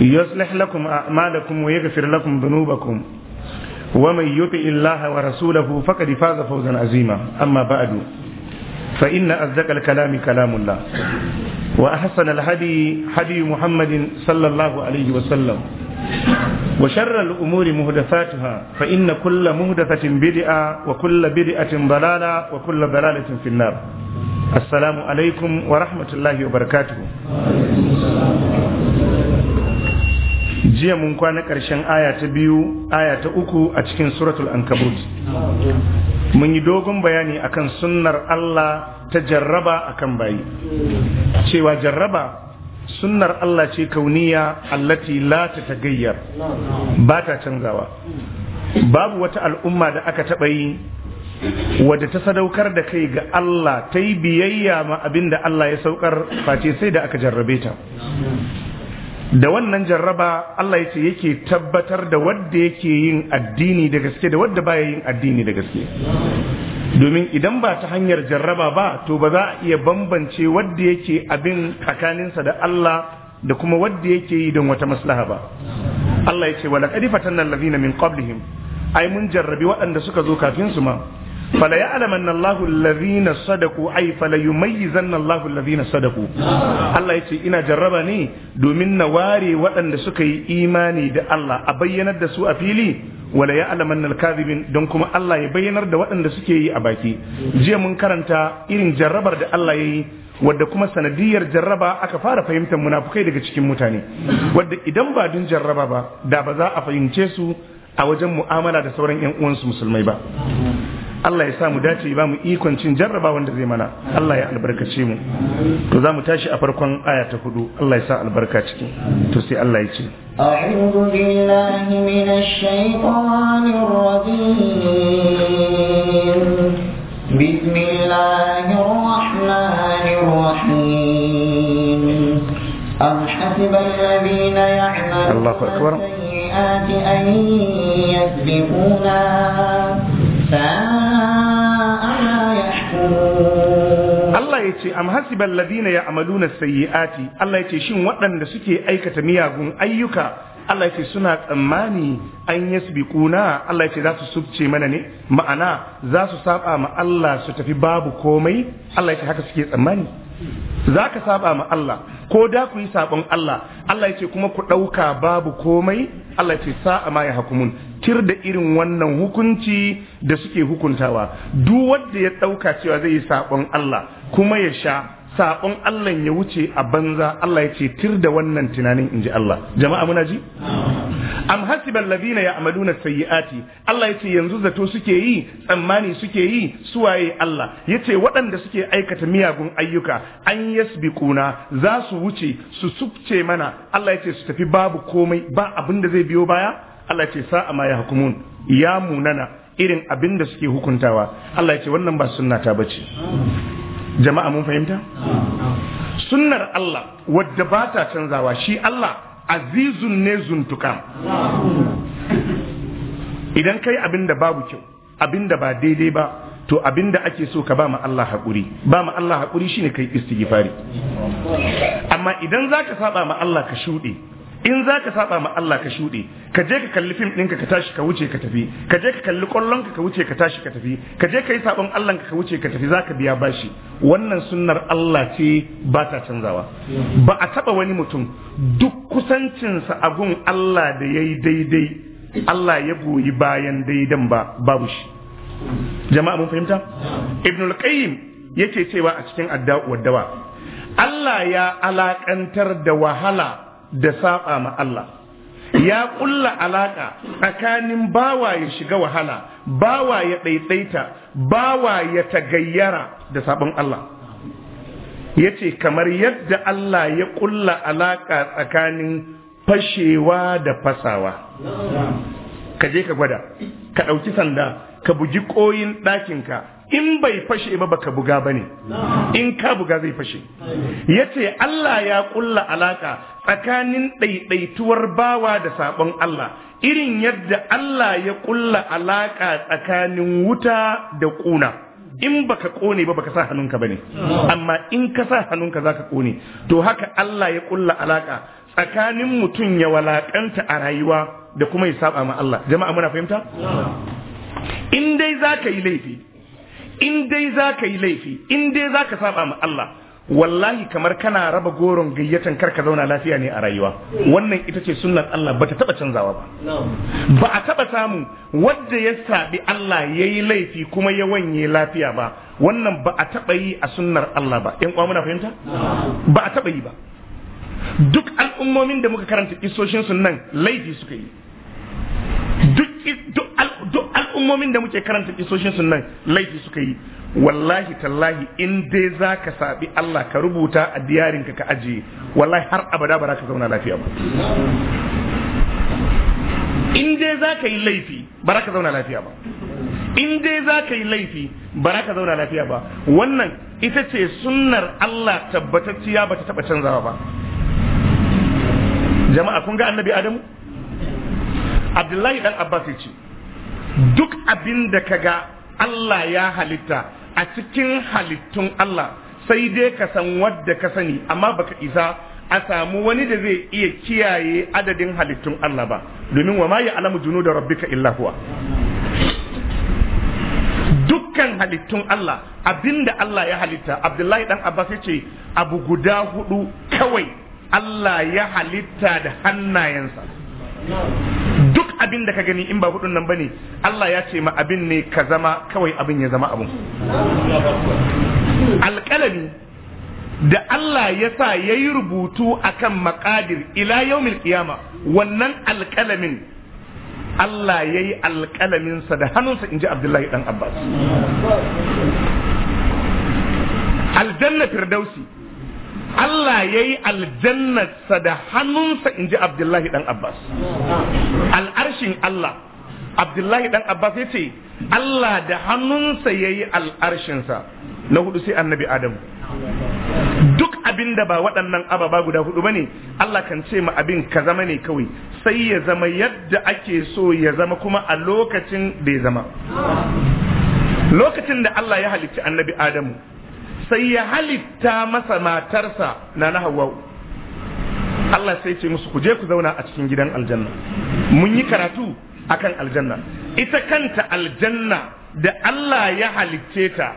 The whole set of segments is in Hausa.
يصلح لكم أعمالكم ويغفر لكم ذنوبكم ومن يطع الله ورسوله فقد فاز فوزا عظيما أما بعد فإن أصدق الكلام كلام الله وأحسن الهدي هدي محمد صلى الله عليه وسلم وشر الأمور مهدفاتها فإن كل مهدفة بدعة وكل بدعة ضلالة وكل ضلالة في النار السلام عليكم ورحمة الله وبركاته jiya mun kwana ƙarshen aya ta biyu aya ta uku a cikin suratul ankabut mun yi dogon bayani akan sunnar Allah ta jarraba akan bayi cewa jarraba sunnar Allah ce kauniya allati la ta tagayyar ba ta canzawa babu wata al'umma da aka taɓa yi wadda ta sadaukar da kai ga Allah ta yi biyayya ma abinda Allah ya saukar face sai da aka jarrabe ta da wannan jarraba Allah ya ce yake tabbatar da wadda yake yin addini da gaske da wadda baya yin addini da gaske domin idan ba ta hanyar jarraba ba to ba za a iya bambance wadda yake abin tsakaninsa da Allah da kuma wadda yake yi don wata maslaha ba Allah ya ce wa laqad fatanna allazina min qablihim ai mun jarrabi waɗanda suka zo kafin su ma fala ya'lamanna Allahu allazina sadaku ay fala yumayyizanna Allahu allazina sadaku Allah yace ina jarraba ne domin na ware waɗanda suka yi imani da Allah a bayyanar da su a fili wala ya'lamanna al-kadhibin don kuma Allah ya bayyanar da waɗanda suke yi a baki jiya mun karanta irin jarrabar da Allah yayi wadda kuma sanadiyar jarraba aka fara fahimtar munafukai daga cikin mutane wadda idan ba dun jarraba ba da ba za a fahimce su a wajen mu'amala da sauran 'yan uwansu musulmai ba Allah ya sa mu dace ba mu ikon cin jarraba wanda zai mana Allah ya albarkace mu to za mu tashi a farkon aya ta hudu Allah ya sa albarka ciki to sai Allah ya ce أعوذ بالله من الشيطان الرجيم بسم الله الرحمن الرحيم أم حسب الذين يعملون السيئات أن يسبقونا Allah ya ce يحكمون الله ya amalu na sayi ati? Allah ya ce shin waɗanda suke aikata miyagun ayyuka? Allah ya ce suna tsammani an yasbiquna Allah ya ce za su subce mana ne ma'ana za su saba ma Allah su tafi babu komai Allah ya ce haka suke tsammani za ka saba ma Allah ko da ku yi sabon Allah Allah ya ce kuma ku ɗauka babu komai Allah ya ce sa'a ma ya hakumun tir da irin wannan hukunci da suke hukuntawa duk wanda ya ɗauka cewa zai yi saɓon Allah kuma ya sha saƙon Allah ya wuce a banza Allah ya ce tir da wannan tunanin inji Allah jama'a muna ji am hasiban ladina ya'maluna sayyi'ati Allah yace yanzu zato suke yi tsammani suke yi suwaye Allah yace waɗanda suke aikata miyagun ayyuka an yasbiquna za su wuce su sufce mana Allah yace su tafi babu komai ba abinda zai biyo baya Allah ce sa'a ma ya hukumun ya munana irin abin da suke hukuntawa Allah ce wannan ba sunna ta bace jama'a mun fahimta sunnar Allah wadda ba ta canzawa shi Allah azizun ne zuntuka idan kai abin da babu kyau abin da ba daidai ba to abin da ake so ka ba ma Allah haƙuri ba ma Allah haƙuri shine kai istighfari amma idan za ka saba ma Allah ka shuɗe in za ka saba ma Allah ka shuɗe ka je ka kalli fim ɗinka ka tashi ka wuce ka tafi ka je ka kalli ƙwallonka ka wuce ka tashi ka tafi ka je ka yi saɓon Allah ka wuce ka tafi za ka biya bashi wannan sunnar Allah ce ba ta canzawa ba a taɓa wani mutum duk kusancinsa a gun Allah da ya yi daidai Allah ya goyi bayan daidan ba babu shi jama'a mun fahimta Ibn al qayyim yake cewa a cikin addu'a dawa Allah ya alakantar da wahala da saba ma Allah ya kulla alaka tsakanin bawa ya shiga wahala bawa ya ɗaiɗaita bawa ya tagayyara da sabon Allah ya ce kamar yadda Allah ya kulla alaka tsakanin fashewa da fasawa ka je ka gwada ka ɗauki sanda ka bugi ƙoyin ɗakinka in bai fashe ba baka buga bane in ka buga zai fashe yace Allah ya ƙulla alaka tsakanin ɗaiɗaituwar bawa da sabon Allah irin yadda Allah ya ƙulla alaka tsakanin wuta da kuna in baka ƙone ba baka sa hannunka bane amma in ka sa hannunka zaka kone to haka Allah ya ƙulla alaka tsakanin mutum ya walaƙanta a rayuwa da kuma ya saba ma Allah jama'a muna fahimta in dai zaka yi laifi in dai za ka yi laifi in dai za ka saba ma Allah wallahi kamar kana raba goron gayyatan kar ka zauna lafiya ne a rayuwa wannan ita ce sunnar Allah ba ta taba canzawa ba ba a taba samu wanda ya saɓi Allah ya yi laifi kuma ya wanye lafiya ba wannan ba a taba yi a sunnar Allah ba ƴan kwa muna fahimta ba a taba yi ba duk al'ummomin da muka karanta isoshin nan laifi suka yi duk duk al'ummomin da muke karanta kisoshin nan laifi suka yi wallahi tallahi in dai za ka saɓi Allah ka rubuta a diyarinka ka ajiye wallahi har abada ba za ka zauna lafiya ba in dai za ka yi laifi ba za ka zauna lafiya ba in dai za ka yi laifi ba za ka zauna lafiya ba wannan ita ce sunnar Allah tabbatacciya ba ta taɓa canzawa ba jama'a kun ga annabi adamu abdullahi dan abbas ya ce duk abin da ka ga Allah ya halitta a cikin halittun Allah sai dai ka san wadda ka sani amma baka isa a samu wani da zai iya kiyaye adadin halittun Allah ba domin wa ma ya alamu junu da rabbika illa huwa dukkan halittun Allah abinda Allah ya halitta Abdullahi dan Abbas yace abu guda hudu kawai Allah ya halitta da hannayensa abin da ka gani in ba hudun nan bane Allah ya ce ma abin ne ka zama kawai abin ya zama abun alƙalami da Allah ya sa ya yi rubutu akan maƙadir ila yaumil kiyama wannan alƙalamin Allah ya yi alƙalaminsa da hannunsa in ji Abdullahi ɗan Abbas. Aljanna Firdausi Allah ya yi aljannarsa da hannunsa in ji Abdullahi ɗan Abbas. Al'arshin Allah, Abdullahi ɗan Abbas ya ce, Allah da hannunsa ya yi al'arshinsa na hudu sai annabi Adamu. Duk abin da ba waɗannan ababa guda hudu ba ne, Allah kan ce ma abin ka zama ne kawai, sai ya zama yadda ake so ya zama kuma a lokacin da ya zama. Lokacin da Allah ya halicci annabi Adamu. sai ya halitta masa matarsa na na hawa'u Allah sai ce musu ku je ku zauna a cikin gidan aljanna mun yi karatu akan aljanna ita kanta aljanna da Allah ya halicce ta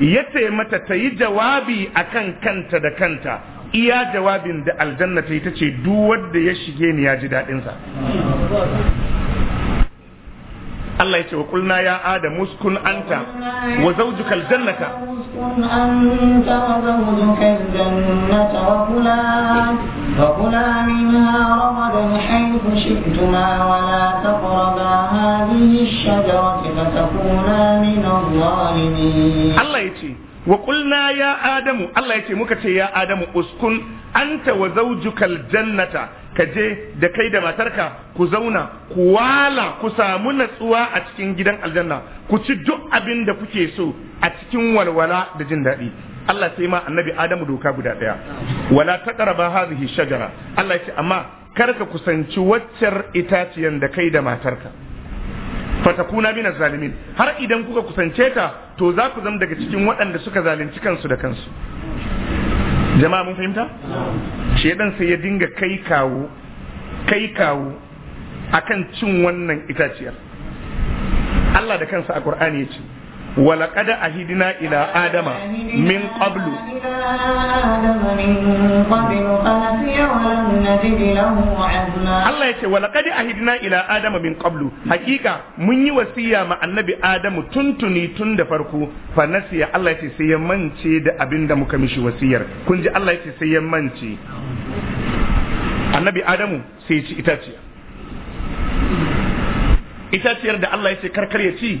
ya taimata ta yi jawabi akan kanta da kanta iya jawabin da aljanna ta yi ta ce duk wanda ya shige ni ya ji daɗinsa Allah ya ce wa kulna ya adam uskun anta wa zawjuka aljannata wa wa kula minha ragadan haythu shi'tuma wa la taqraba hadhihi ash-shajarata fatakuna min adh-dhalimin Allah ya ce wa qulna ya adamu Allah yace muka ce ya adamu uskun anta wa jannata, ka kaje da kai da matarka ku zauna ku wala ku samu natsuwa a cikin gidan aljanna ku ci duk abin da kuke so a cikin walwala da jin daɗi Allah sai ma annabi Adamu doka guda ɗaya wala taqraba hadhihi shajara Allah yace amma kar ka kusanci waccar itaciyan da kai da matarka fatakuna min zalimin har idan kuka kusance ta to za ku zama daga cikin waɗanda suka zalunci kansu da kansu jama'a mun fahimta shedan sai ya dinga kai kawo kai kawo akan cin wannan itaciyar Allah da kansa a Qur'ani ya ce ولقد أهدنا إلى آدم من قبل Allah ya ce wa laqad ahidna ila adama min qablu hakika mun yi wasiya ma annabi adamu tuntuni tun da farko fa nasiya Allah ya ce sai ya mance da abin muka mishi wasiyar kun ji Allah ya ce sai ya mance annabi adamu sai ya ci itaciya itaciyar da Allah ya ce karkar ya ci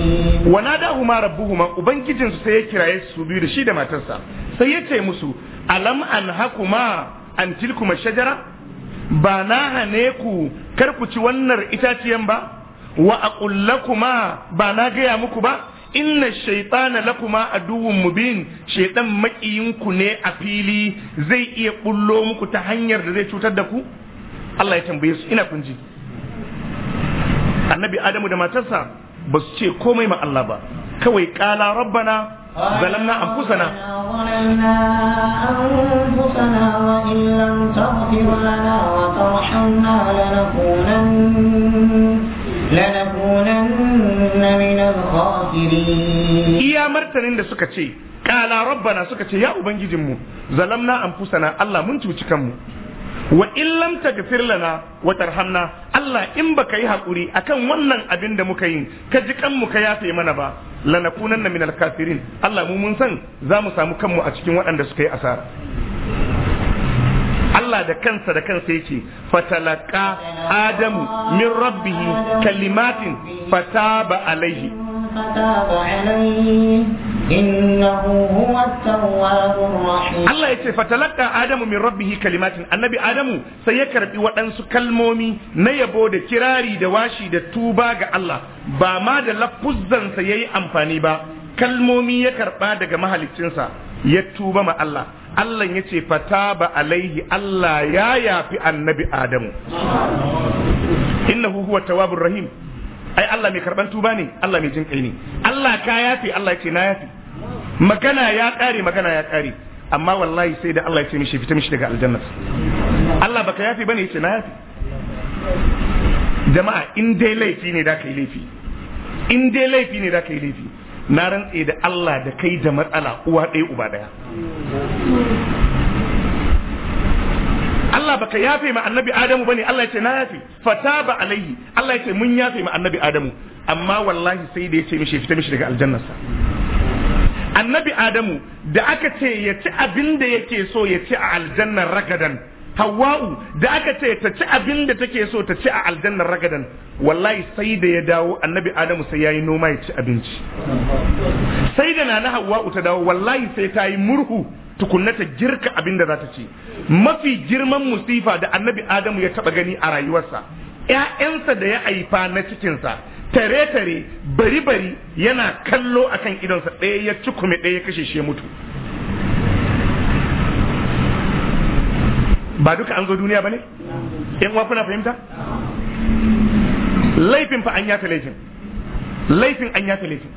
wa ma rabbuhuma ubangijinsu sai ya kiraye su biyu da shi da matarsa sai ya ce musu alam anhakuma an tilkuma shajara ba na hane ku kar ku ci wannan itaciyan ba wa aqul lakuma ba na gaya muku ba inna shaitana lakuma aduwwun mubin shaiɗan makiyinku ne a fili zai iya bullo muku ta hanyar da zai cutar da ku Allah ya tambaye su ina kun ji annabi adamu da matarsa ba su ce komai ma Allah ba kawai kala rabbana ظلمنا أنفسنا ظلمنا iya martanin da suka ce kala rabbana suka ce ya ubangijinmu zalamna anfusana Allah mun cuci kanmu wa illam tagfir lana wa tarhamna Allah in baka yi hakuri akan wannan abin da muka yi ka ji kan muka yafe mana ba na min alkafirin Allah mu mun san za mu samu kanmu a cikin waɗanda suka yi asara Allah da kansa da kansa yake fatalaka adamu min rabbihi kalimatin fataba alaihi fataba alaihi Allah ya ce fatalaka Adamu min rabbihi kalimatin annabi Adamu sai ya karbi waɗansu kalmomi na yabo da kirari da washi da tuba ga Allah ba ma da lafuzzansa ya yi amfani ba kalmomi ya karba daga mahaliccinsa ya tuba ma Allah Allah ya ce ba alaihi Allah ya yafi annabi Adamu innahu huwa tawwabur rahim ai Allah mai karban tuba ne Allah mai jin ne Allah ka yafi Allah ya ce na yafi magana ya ƙare magana ya ƙare amma wallahi sai da Allah ya ce mishi fita mishi daga aljanna. Allah baka yafi bane yace na yafi jama'a in dai laifi ne da kai laifi in dai laifi ne da kai laifi na rantse da Allah da kai da matsala uwa ɗaya uba ɗaya Allah baka yafe ma annabi Adamu bane Allah yace na yafe fataba alaihi Allah yace mun yafe ma annabi Adamu amma wallahi sai da yace mishi fita mishi daga aljannarsa annabi adamu da aka ce ya ci abin da yake so ya ci a aljannar ragadan hawa'u da aka ce ta ci abin da take so ta ci a aljannar ragadan wallahi sai da ya dawo annabi adamu sai yayi noma ya ci abinci sai da nana hawa'u ta dawo wallahi sai ta yi murhu tukunna ta girka abin da za ta ci mafi girman musifa da annabi adamu ya taba gani a rayuwarsa ‘ya'yansa da ya aifa na cikinsa tare-tare bari-bari yana kallo a kan idonsa ɗaya ya kuma ɗaya ya kashe shi ya mutu ba duka an zo duniya ba ne? ‘yan uwa kuna fahimta? laifin fa an yata laifin laifin an yata laifin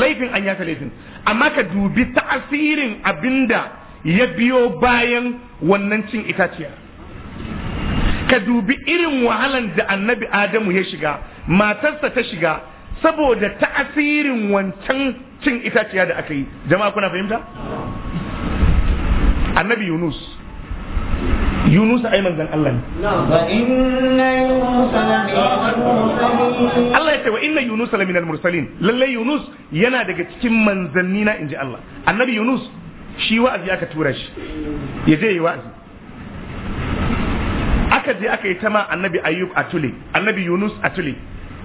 laifin an yata laifin amma ka dubi ta'asirin abinda ya biyo bayan wannan cin itaciya ka dubi irin wahalan da annabi adamu ya shiga matarsa ta shiga saboda ta'asirin wancan cin itaciya da aka yi jama'a kuna fahimta annabi yunus yunus ai manzan Allah ne Allah ya ce wa inna yunus salamin al mursalin lallai yunus yana daga cikin manzanni na inji Allah annabi yunus shi wa'azi aka tura shi ya je yi wa'azi aka je aka yi ta ma annabi ayyub a tule annabi yunus a tule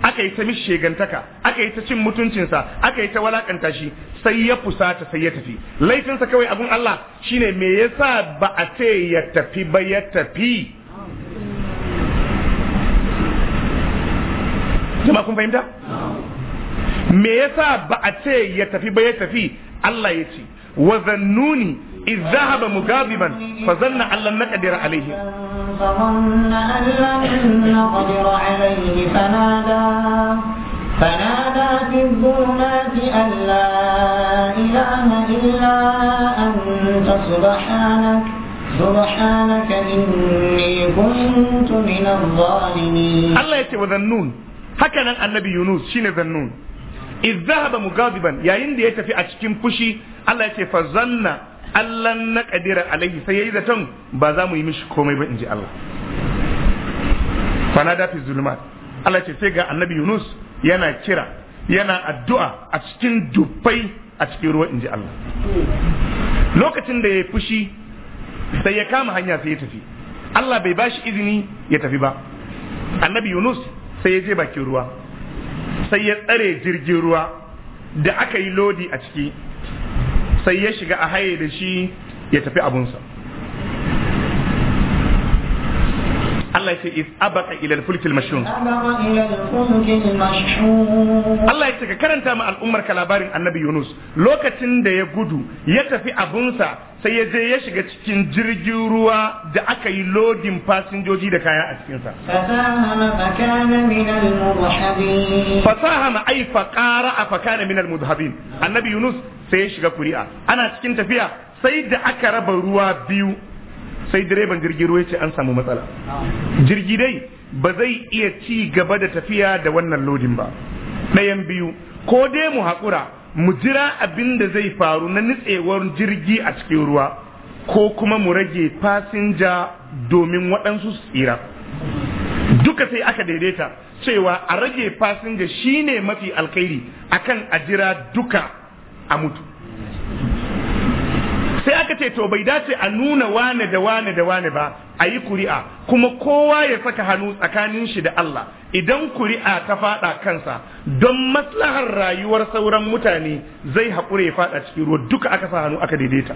aka yi ta mishi shegantaka aka yi ta cin mutuncinsa aka yi ta walakanta shi sai ya fusata sai ya tafi laifinsa kawai abun Allah shine me yasa ba a ce ya tafi ba ya tafi jama'a kun fahimta me yasa ba a ce ya tafi ba ya tafi Allah ya ce wa zannuni إذ ذهب مغاضبا فظن أن لن نقدر عليه فظن أن لن نقدر عليه فنادى فنادى في الظلمات أن لا إله إلا أنت سبحانك سبحانك إني كنت من الظالمين الله يتي وذنون هكذا النبي يونس شين ذنون إذ ذهب مغاضبا يا إندي يتفي أشكم فشي الله يتي فظن Allah na kadirar alaihi sai ya yi zaton ba za mu yi mishi komai ba in ji Allah Fana dafi zulumat Allah ce sai ga annabi Yunus yana kira yana addu'a a cikin dubbai a cikin ruwa in ji Allah lokacin da ya fushi sai ya kama hanya sai ya tafi Allah bai bashi izini ya tafi ba annabi Yunus sai ya je bakin ruwa sai ya tsare jirgin ruwa da aka yi lodi a ciki sai ya shiga a haye da shi ya tafi abunsa Allah ya ce is abaka ila al fulkil mashhun Allah ya ce ka karanta ma al'ummar ka labarin Annabi Yunus lokacin da ya gudu ya tafi abunsa sai ya je ya shiga cikin jirgin ruwa da aka yi lodin fasinjoji da kaya a cikin cikinsa. Fasahama ai fa a min al-mudhhabin Annabi Yunus sai ya shiga kuri'a. Ana cikin tafiya sai da aka raba ruwa biyu sai direban jirgin ruwa ce an samu matsala jirgi dai ba zai iya ci gaba da tafiya da wannan lodin ba ɗayan biyu ko dai mu haƙura mu jira abin da zai faru na nitsewar jirgi a cikin ruwa ko kuma mu rage fasinja domin waɗansu su tsira duka sai aka daidaita cewa a rage fasinja shine mafi alkhairi akan a jira duka a mutu sai aka ce to bai dace a nuna wane da wane da wane ba a yi kuri'a kuma kowa ya saka hannu tsakanin shi da Allah idan kuri'a ta fada kansa don maslahar rayuwar sauran mutane zai haƙura ya fada cikin ruwa duka aka sa hannu aka daidaita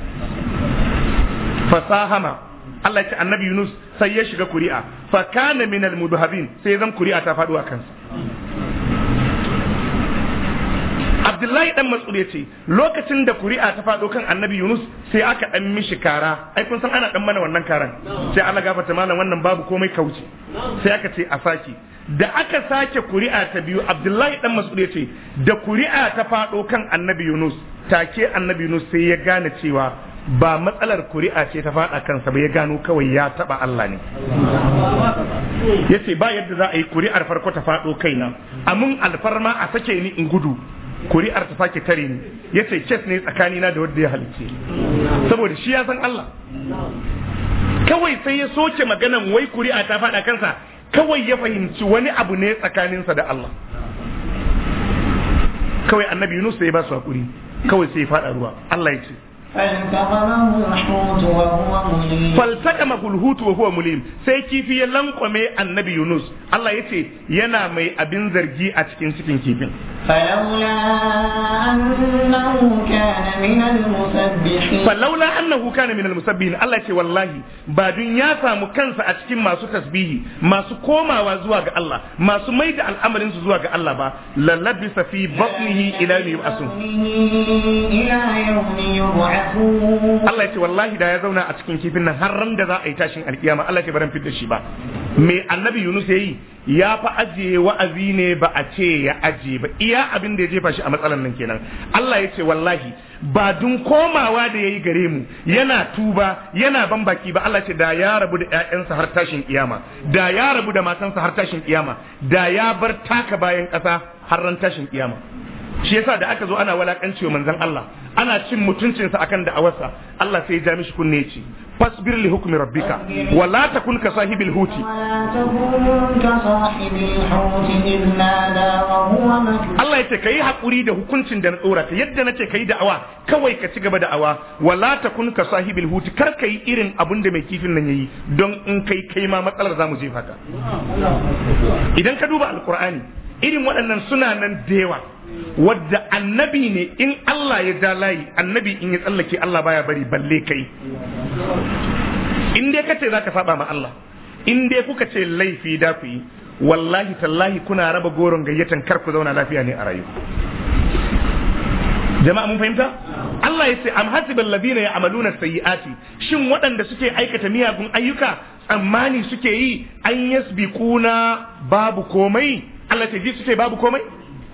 fasahama Allah ce annabi Yunus sai ya shiga kuri'a fa kana minal mudhabin sai zan kuri'a ta faɗo a kansa abdullahi dan mas'ud ya lokacin da kuri'a ta faɗo kan annabi yunus sai aka dan mishi kara ai kun san ana dan mana wannan karan sai Allah gafarta malam wannan babu komai kauce sai aka ce a saki da aka sake kuri'a ta biyu abdullahi dan mas'ud ya da kuri'a ta faɗo kan annabi yunus take annabi yunus sai ya gane cewa ba matsalar kuri'a ce ta faɗa kansa ba ya gano kawai ya taba Allah ne ya ce ba yadda za a yi kuri'ar farko ta faɗo kaina amun alfarma a sake ni in gudu kuri'ar ta sake tare ni yace kes ne tsakani na da wanda ya halicce saboda shi ya san Allah kawai sai ya soke maganan wai kuri'a ta faɗa kansa kawai ya fahimci wani abu ne tsakaninsa da Allah kawai annabi Yunus sai ya ba su hakuri kawai sai ya faɗa ruwa Allah ya ce فالتقمه الحوت وهو مليم sai kifi ya lankwame annabi Yunus Allah yace yana mai abin zargi a cikin cikin kifin falaula annahu kana min almusabbihin Allah yace wallahi ba dun ya samu kansa a cikin masu tasbihi masu komawa zuwa ga Allah masu maida al'amarin su zuwa ga Allah ba lalabisa fi batnihi ila yawmi yub'asun Allah ya ce wallahi da ya zauna a cikin kifin nan har ran da za a yi tashin alkiyama Allah ya ce baran fitar shi ba me annabi Yunus yayi ya fa ajiye wa'azi ne ba a ce ya ajiye ba iya abin da ya jefa shi a matsalan nan kenan Allah ya ce wallahi ba dun komawa da yayi gare mu yana tuba yana ban baki ba Allah ce da ya rabu da ƴaƴansa har tashin kiyama da ya rabu da matansa har tashin kiyama da ya bar taka bayan ƙasa har ran tashin kiyama shi yasa da aka zo ana walakancewa manzon Allah ana cin mutuncinsa akan da'awarsa Allah sai ya ja mishi kunne ce fasbir li hukmi rabbika wa la takun ka sahibil huti Allah ya ce kai hakuri da hukuncin da na tsorata ka yadda nace kai da'awa kawai ka ci gaba da awa wa la takun ka sahibil huti kar yi irin abun da mai kifin nan yayi don in kai kai ma matsalar zamu jefa ka idan ka duba alqur'ani irin waɗannan suna nan da yawa wadda annabi ne in Allah ya ja layi annabi in ya tsallake Allah baya bari balle kai in dai kace zaka saba ma Allah in dai kuka ce laifi da ku yi wallahi tallahi kuna raba goron gayyatan kar ku zauna lafiya ne a rayu jama'a mun fahimta Allah ya ce am hasibal ladina ya'maluna sayyi'ati shin waɗanda suke aikata miyagun ayyuka tsammani suke yi an yasbiquna babu komai Allah ce ji su ce babu komai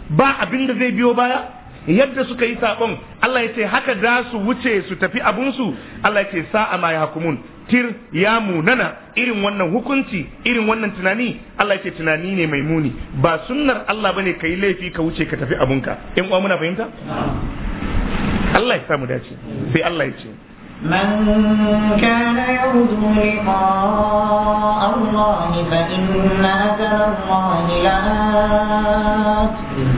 ba abin da zai biyo baya yadda suka yi sabon Allah ya ce haka za su wuce su tafi abunsu Allah ya ce sa'a ma ya hukumun tir ya munana irin wannan hukunci irin wannan tunani Allah ya ce tunani ne mai muni ba sunnar Allah bane kai laifi ka wuce ka tafi abunka in uwa muna fahimta Allah ya samu dace sai Allah ya ce من كان يرجو لقاء الله فإن أجل الله لآت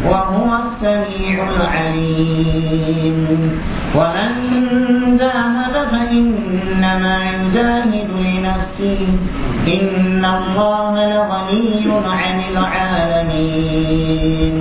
وهو السميع العليم ومن جاهد فإنما يجاهد لنفسه إن الله لغني عن العالمين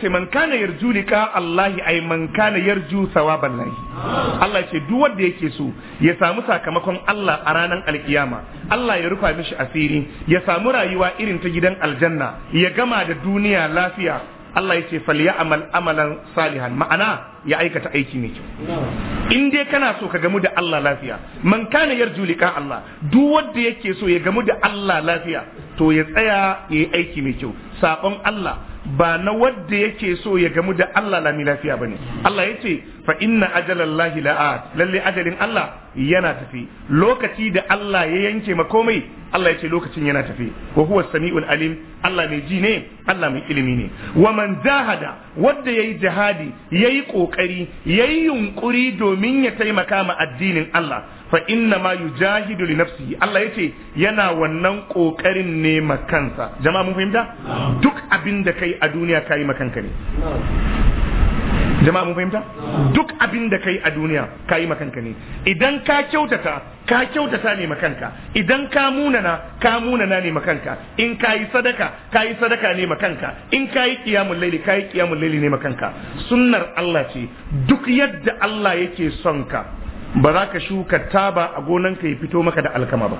ce man kana yarju lika Allah ay man kana yarju sawaban lahi Allah ce duk wanda yake so ya samu sakamakon Allah a ranar alkiyama Allah ya rufa mishi asiri ya samu rayuwa irin ta gidan aljanna ya gama da duniya lafiya Allah ya ce falyamal amalan salihan ma'ana ya aikata aiki mai kyau in dai kana so ka gamu da Allah lafiya man kana yarju lika Allah duk wanda yake so ya gamu da Allah lafiya to ya tsaya yayi aiki mai kyau sakon Allah ba na wadda yake so ya gamu da Allah lami lafiya bane Allah ya ce fa inna ajalallahi la'at lalle ajalin Allah yana tafi lokaci da Allah ya yanke ma komai Allah ya ce lokacin yana tafi wa huwa samiul alim Allah mai ji ne Allah mai ilimi ne wa man jahada wadda yayi jihadi yayi kokari yayi yunkuri domin ya taimaka ma addinin Allah fa inna ma yujahidu li nafsihi Allah yace yana wannan kokarin ne makansa jama'a mun fahimta duk abin da kai a duniya kai makanka ne jama'a mun fahimta duk abin da kai a duniya ka yi makanka ne idan ka kyautata ka kyautata ne makanka idan ka munana ka munana ne makanka in ka yi sadaka ka yi sadaka ne makanka in ka yi kiyamun laili ka yi kiyamun laili ne makanka sunnar Allah ce duk yadda Allah yake son ka ba za ka shuka taba a gonanka ya fito maka da alkama ba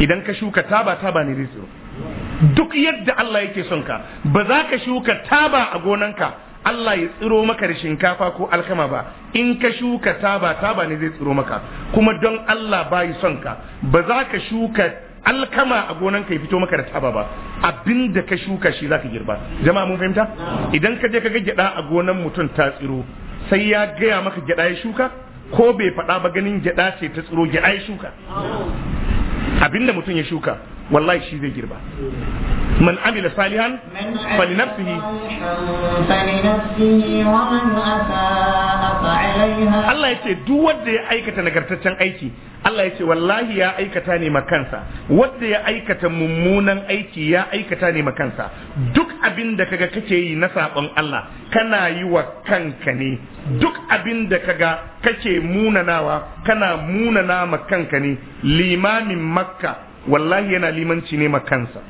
idan ka shuka taba taba ne rizqi duk yadda Allah yake son ka ba za ka shuka taba a gonanka Allah ya tsiro maka da shinkafa ko alkama ba in ka shuka taba taba ne zai tsiro maka kuma don Allah bai son ka ba za ka shuka alkama a gonan ya fito maka da taba ba Abinda ka shuka shi zaka girba jama'a mun fahimta idan ka je ka ga gyada a gonan mutum ta tsiro sai ya gaya maka gyaɗa ya shuka ko bai faɗa ba ganin gyaɗa ce ta tsiro gyada ya shuka abinda mutum ya shuka wallahi shi zai girba من عمل صالحا فلنفسه Allah ya ce duk wanda ya aikata nagartaccen aiki Allah ya ce wallahi ya aikata ne kansa. wanda ya aikata mummunan aiki ya aikata ne makansa duk abinda kaga kake yi na sabon Allah kana yi wa kanka ne duk abinda kaga kake munanawa kana munana ma kanka ne limamin makka wallahi yana limanci ne makansa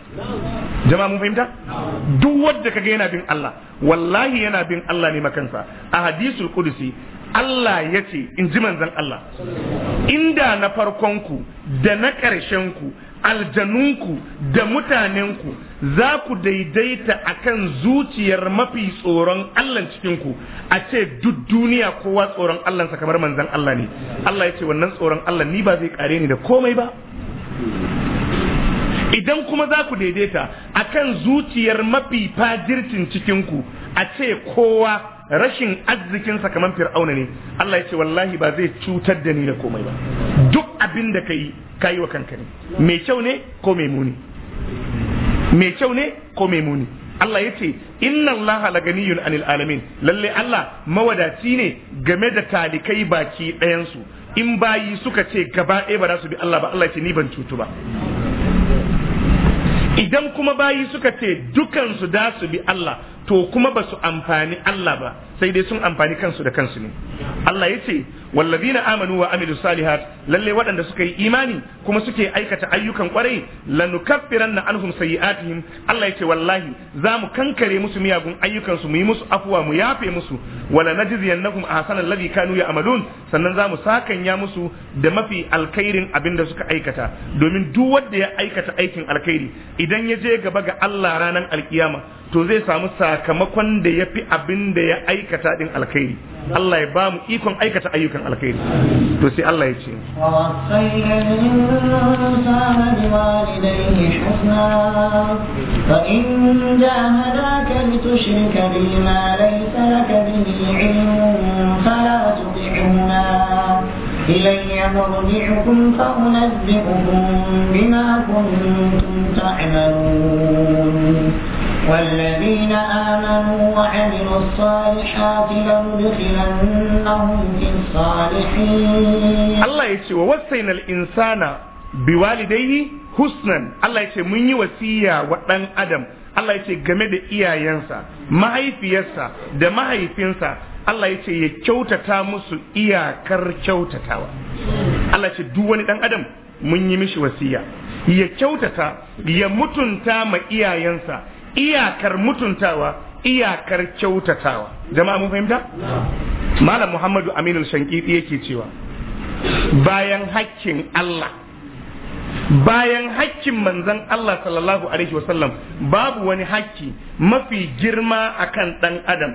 jama'a mun fahimta duk wanda kaga yana bin Allah wallahi yana bin Allah ne makansa a hadisul qudsi Allah ya ce in ji manzon Allah inda na farkon ku da na ƙarshen ku aljanunku da mutanenku za ku daidaita a kan zuciyar mafi tsoron Allah cikinku a ce duk duniya kowa tsoron Allah sa kamar manzan Allah ne Allah ya ce wannan tsoron Allah ni ba zai kare ni da komai ba idan kuma za ku daidaita a kan zuciyar mafi fajircin cikinku a ce kowa rashin arzikinsa kamar fir'auna ne Allah ya ce wallahi ba zai cutar da ni da komai ba duk abin da ka yi ka yi wa kanka ne mai kyau ne ko mai muni mai kyau ne ko mai muni Allah ya ce inna Allah laganiyun anil alamin lalle Allah mawadaci ne game da talikai baki ɗayansu in bayi suka ce gaba ɗaya ba za su bi Allah ba Allah ya ce ni ban cutu ba kuma bayi suka ce su da su bi Allah to kuma ba su amfani Allah ba sai dai sun amfani kansu da kansu ne Allah ya ce na amanu wa amilu salihat lalle waɗanda suka yi imani kuma suke aikata ayyukan kwarai na anhum sayi'atihim Allah ya ce wallahi za mu kankare musu miyagun ayyukan su mu yi musu afuwa mu yafe musu wala najziyannahum ahsana alladhi kanu ya'malun sannan za mu sakanya musu da mafi alkhairin abin da suka aikata domin duk wanda ya aikata aikin alkhairi idan ya je gaba ga Allah ranar alkiyama to zai samu sakamakon da ya fi abin da ya aikata din alkhairi Allah ya ba mu ikon aikata ayyukan alkhairi to sai Allah ya ce إلي مرجعكم فأنبئكم بما كنتم تعملون والذين آمنوا وعملوا الصالحات لندخلنهم في الصالحين الله يسوى ووصينا الإنسان بوالديه husnan Allah ya ce mun yi أدم wa ɗan adam Allah ya ce game da iyayensa mahaifiyarsa da mahaifinsa Allah ya ce ya kyautata musu iyakar kyautatawa Allah ya ce duk wani ɗan adam mun yi mishi wasiya ya kyautata ya mutunta ma iyayensa iyakar mutuntawa iyakar kyautatawa jama'a mun fahimta malam muhammadu aminu shankiti yake cewa bayan hakkin allah bayan hakkin manzan allah sallallahu alaihi wasallam babu wani hakki mafi girma akan ɗan adam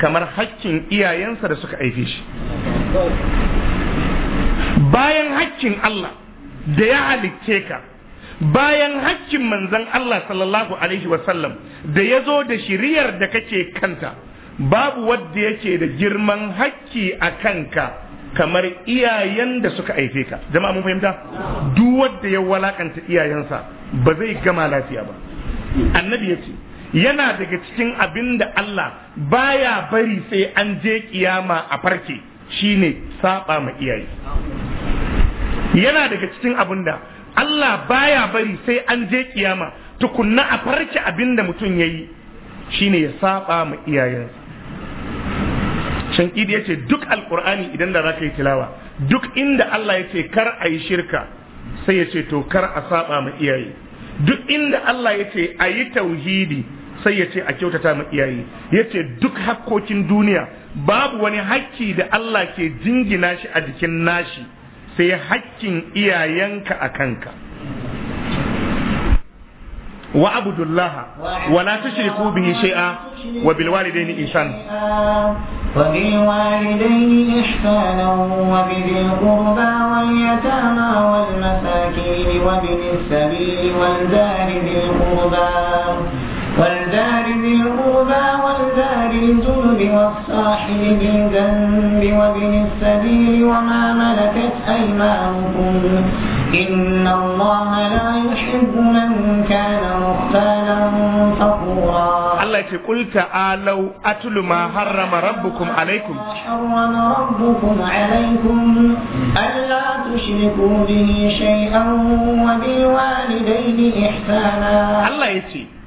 kamar hakkin iyayensa da suka haife shi bayan hakkin allah da ya halicce ka bayan hakkin manzan Allah sallallahu alaihi wasallam da ya zo da shiriyar da kake kanta babu wadda yake da girman hakki a kanka kamar iyayen da suka haife ka jama'a mun fahimta duk wanda ya walakanta iyayensa ba zai gama lafiya ba annabi ya ce yana daga cikin abin Allah baya bari sai an je kiyama a farke shine saba ma iyaye yana daga cikin abin Allah baya bari sai an je kiyama tukunna a farki abinda da mutum ya yi shine ya saba ma iyayensa shankidi ya ce duk alkur'ani idan da za yi tilawa duk inda Allah ya ce kar a yi shirka sai ya ce to kar a saba ma iyaye duk inda Allah ya ce a yi tauhidi sai ya ce a kyautata ma iyaye Yace duk hakkokin duniya babu wani hakki da Allah ke jingina shi a jikin nashi sai hakkin iyayenka a kanka wa abdullah wa la tushriku bihi shay'a wa bil walidayni ihsan wa bil walidayni ihsana wa bil qurba wal yatama wal masakin wa bil sabil wal dari bil qurba والدار ذي الغربى والدار الجنب والصاحب بالجنب وابن السبيل وما ملكت أيمانكم إن الله لا يحب من كان مختالا فخورا التي قل تعالوا أتل ما حرم ربكم عليكم حرم ربكم عليكم ألا تشركوا به شيئا وبالوالدين إحسانا الله يتي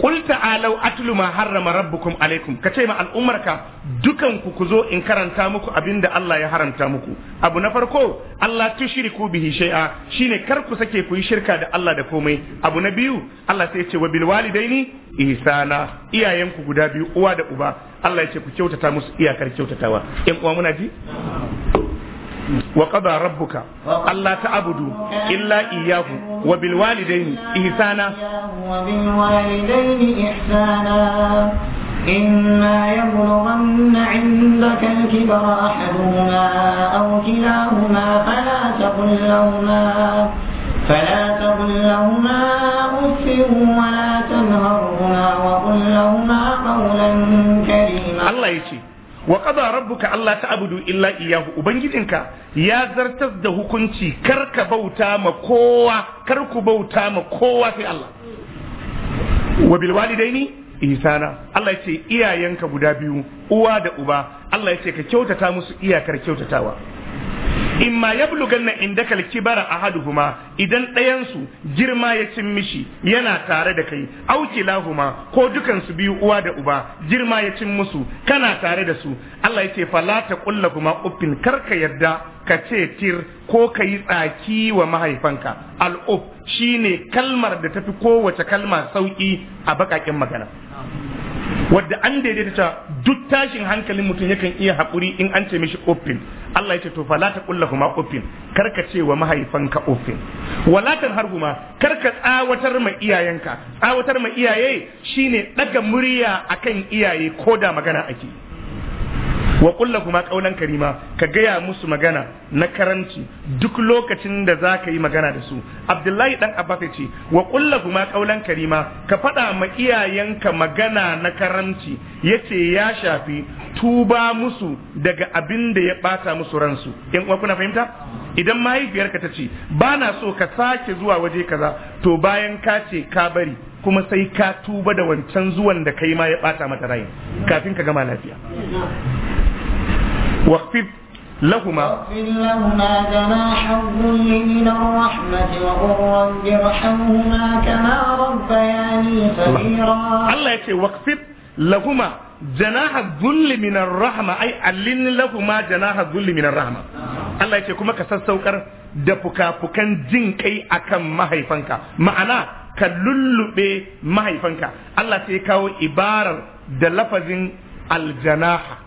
qul ta'alau atlu ma harrama rabbukum alaikum kace ma al'ummarka dukanku ku zo in karanta muku abinda Allah ya haramta muku abu na farko Allah tushriku bihi shay'a shine kar ku sake ku shirka da Allah da komai abu na biyu Allah sai ya ce wa bil walidaini ihsana iyayenku guda biyu uwa da uba Allah ya ce ku kyautata musu iyakar kyautatawa Yan uwa muna ji وقضى ربك ألا تعبدوا إلا إياه وبالوالدين إحسانا وبالوالدين إحسانا إما يبلغن عندك الكبر أحدهما أو كلاهما فلا تقل لهما فلا تقل لهما أف ولا تنهرهما وقل لهما قولا كريما الله يجزيك wa qada rabbuka alla ta'budu illa iyahu ubangijinka ya zartas da hukunci kar ka bauta ma kowa kar ku bauta ma kowa sai Allah wa bil walidaini ihsana Allah yace iyayenka guda biyu uwa da uba Allah yace ka kyautata musu iyakar kyautatawa in ma ya buluganna bara kibara ahaduhuma idan ɗayansu girma ya cin mishi yana tare da kai auki lahuma ko dukansu biyu uwa da uba girma ya cin musu kana tare da su Allah ya ce la ta kulla kuma uffin karka yarda ka ce tir ko ka yi tsaki wa mahaifanka al'uf shine kalmar da tafi kowace kalma sauki a bakakin magana wadda an daidaita ta duk tashin hankalin mutum yakan iya haƙuri in an ce mishi open Allah ya ce to fa la taqulla huma open karka ce wa mahaifanka open wala harhuma karka tsawatar ma iyayenka tsawatar ma iyaye shine daga murya akan iyaye ko da magana ake wa kulla kuma kaunan karima ka gaya musu magana na karanci duk lokacin da za ka yi magana da su abdullahi dan abbas ce wa kulla kuma kaunan karima ka faɗa ma iyayenka magana na karanci ya ce ya shafi tuba musu daga abin da ya ɓata musu ransu in uwa kuna fahimta idan mahaifiyarka ta ce ba na so ka sake zuwa waje kaza to bayan ka ce ka bari kuma sai ka tuba da wancan zuwan da kai ma ya bata mata rai kafin ka gama lafiya واخفض لهما واخفض لهما جناح الذل من الرحمة وقل رب ارحمهما كما ربياني صغيرا الله يكفي واخفض لهما جناح الذل من الرحمة أي علن لهما جناح الذل من الرحمة Allah ya ce kuma ka sassaukar da fuka-fukan jin kai akan mahaifanka ma'ana ka lullube mahaifanka Allah sai kawo ibarar da lafazin aljanaha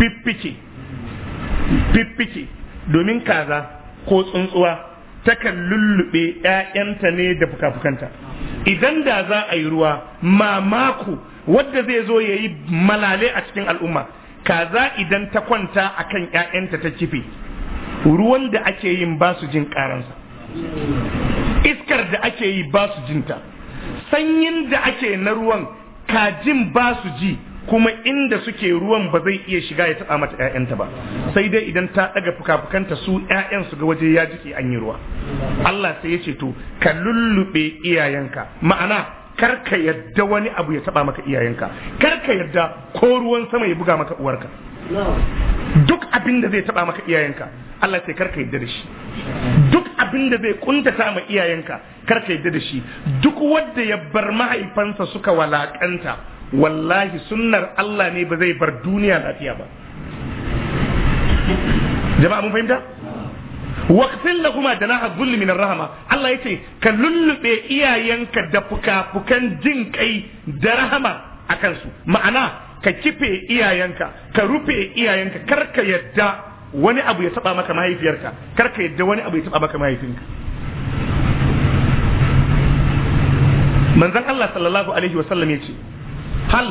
fiffike domin kaza ko tsuntsuwa takan lullube ‘ya'yanta ne da fuka-fukanta idan da za a yi ruwa mamaku wadda zai zo ya yi malale a cikin al'umma kaza idan ta kwanta a kan ‘ya'yanta ta kife ruwan da ake yin ba jin ƙaransa iskar da ake yi ba jinta sanyin da ake na ruwan kajin basu ji kuma inda suke ruwan ba zai iya shiga ya taba mata ƴaƴanta ba sai dai idan ta daga fukafukanta su ƴaƴan su ga waje ya jike an yi ruwa Allah sai ya ce to ka lullube iyayenka ma'ana kar ka yadda wani abu ya taba maka iyayenka kar ka yadda ko ruwan sama ya buga maka uwarka duk abin da zai taba maka iyayenka Allah sai karka yadda da shi duk abin da zai kuntata ma iyayenka karka yadda da shi duk wanda ya bar mahaifansa suka walakanta wallahi sunnar Allah ne ba zai bar duniya lafiya ba jama'a mun fahimta waqfin lahuma janaha dhulli min rahama Allah yace ka lullube iyayenka da fuka-fukan jin kai da rahama akan su ma'ana ka kife iyayenka ka rufe iyayenka kar ka yadda wani abu ya taba maka mahaifiyarka kar ka yadda wani abu ya taba maka mahaifinka manzon Allah sallallahu alaihi wasallam yace hal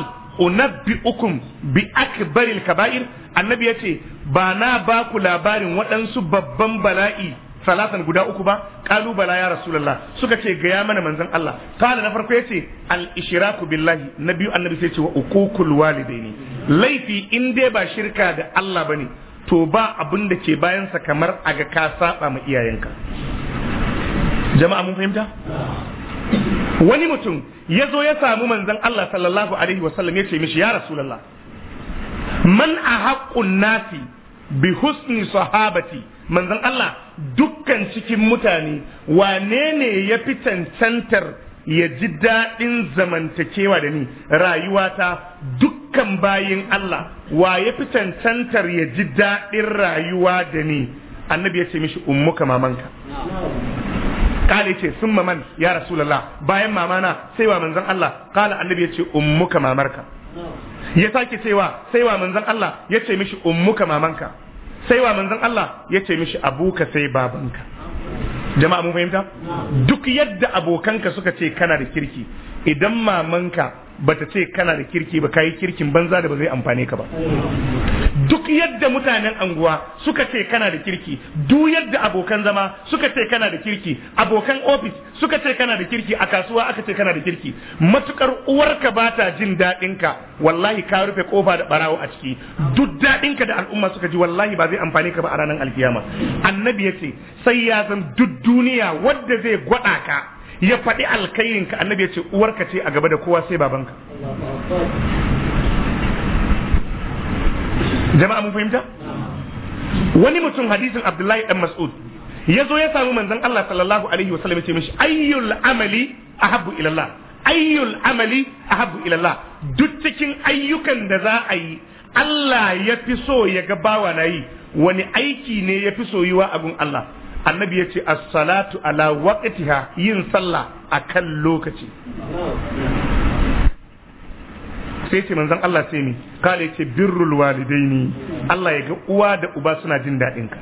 ukum bi akbaril kaba'ir annabi yace ba na ba ku labarin waɗansu babban bala'i salatan guda uku ba kalu bala ya rasulullah suka ce gaya mana manzon Allah kana na farko yace al ishraku billahi na biyu annabi sai ce wa uququl walidaini laifi in dai ba shirka da Allah bane to ba abin da ke bayansa kamar aga ka saba ma iyayenka jama'a mun fahimta wani mutum ya zo ya samu manzan Allah sallallahu alaihi wasallam ya ce mishi ya Rasulallah, man a haƙƙun nasi bi husni sahabati manzan Allah dukkan cikin mutane wane ne ya fi cancantar ya ji daɗin zamantakewa da ni rayuwata dukkan bayin Allah wa ya fi cancantar ya ji daɗin rayuwa da ni annabi ya ce mishi ummuka mamanka Kale ce sunmaman maman ya rasulullah bayan mamana sai wa manzon Allah kala annabi yace ummuka mamarka ya sake cewa sai wa manzon Allah yace mishi ummuka mamanka sai wa manzon Allah yace mishi abuka sai babanka jama'a mun fahimta duk yadda abokanka suka ce kana da kirki idan mamanka bata ce kana da kirki ba kayi kirkin banza da ba zai amfane ka ba duk yadda mutanen anguwa suka ce kana da kirki duk yadda abokan zama suka ce kana da kirki abokan ofis suka ce kana da kirki a kasuwa aka ce kana da kirki matukar uwarka ba ta jin daɗin ka wallahi ka rufe kofa da barawo a ciki duk daɗin ka da al'umma suka ji wallahi ba zai amfane ka ba a ranar alkiyama annabi ya ce sai ya san duk duniya wadda zai gwada ka ya faɗi alkhairinka annabi ya ce uwarka ce a gaba da kowa sai babanka jama'a mun fahimta wani mutum hadisin abdullahi dan mas'ud ya zo ya samu manzon Allah sallallahu alaihi wasallam ya ce mishi ayyul amali ahabbu ila Allah ayyul amali ahabbu ila Allah duk cikin ayyukan da za a yi Allah ya fi so ya ga bawa na yi wani aiki ne ya fi soyuwa a gun Allah annabi ya ce as-salatu ala waqtiha yin sallah akan lokaci sai ce manzon Allah sai ni kale ce birrul walidaini Allah ya ga uwa da uba suna jin daɗin ka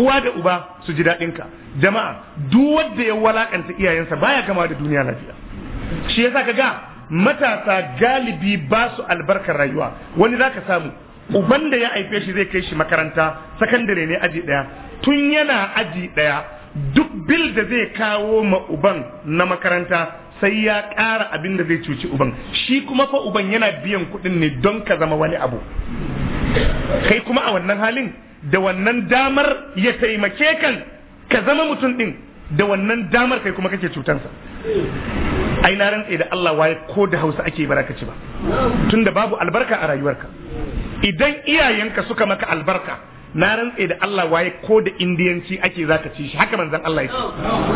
uwa da uba su ji daɗin ka jama'a duk wanda ya walakanta iyayensa baya kama da duniya lafiya shi yasa ka ga matasa galibi ba su albarkar rayuwa wani zaka samu uban da ya haife shi zai kai shi makaranta sakandare ne aji daya tun yana aji daya duk bil da zai kawo ma uban na makaranta sai ya ƙara abin da zai cuci uban shi kuma fa uban yana biyan kuɗin ne don ka zama wani abu kai kuma a wannan halin da wannan damar ya taimake kan ka zama mutum ɗin da wannan damar kai kuma kake cutansa ai na rantse da Allah waye ko da Hausa ake baraka ci ba tunda babu albarka a rayuwarka idan iyayenka suka maka albarka na rantse da Allah waye ko da indiyanci ake zaka ci shi haka manzon Allah yake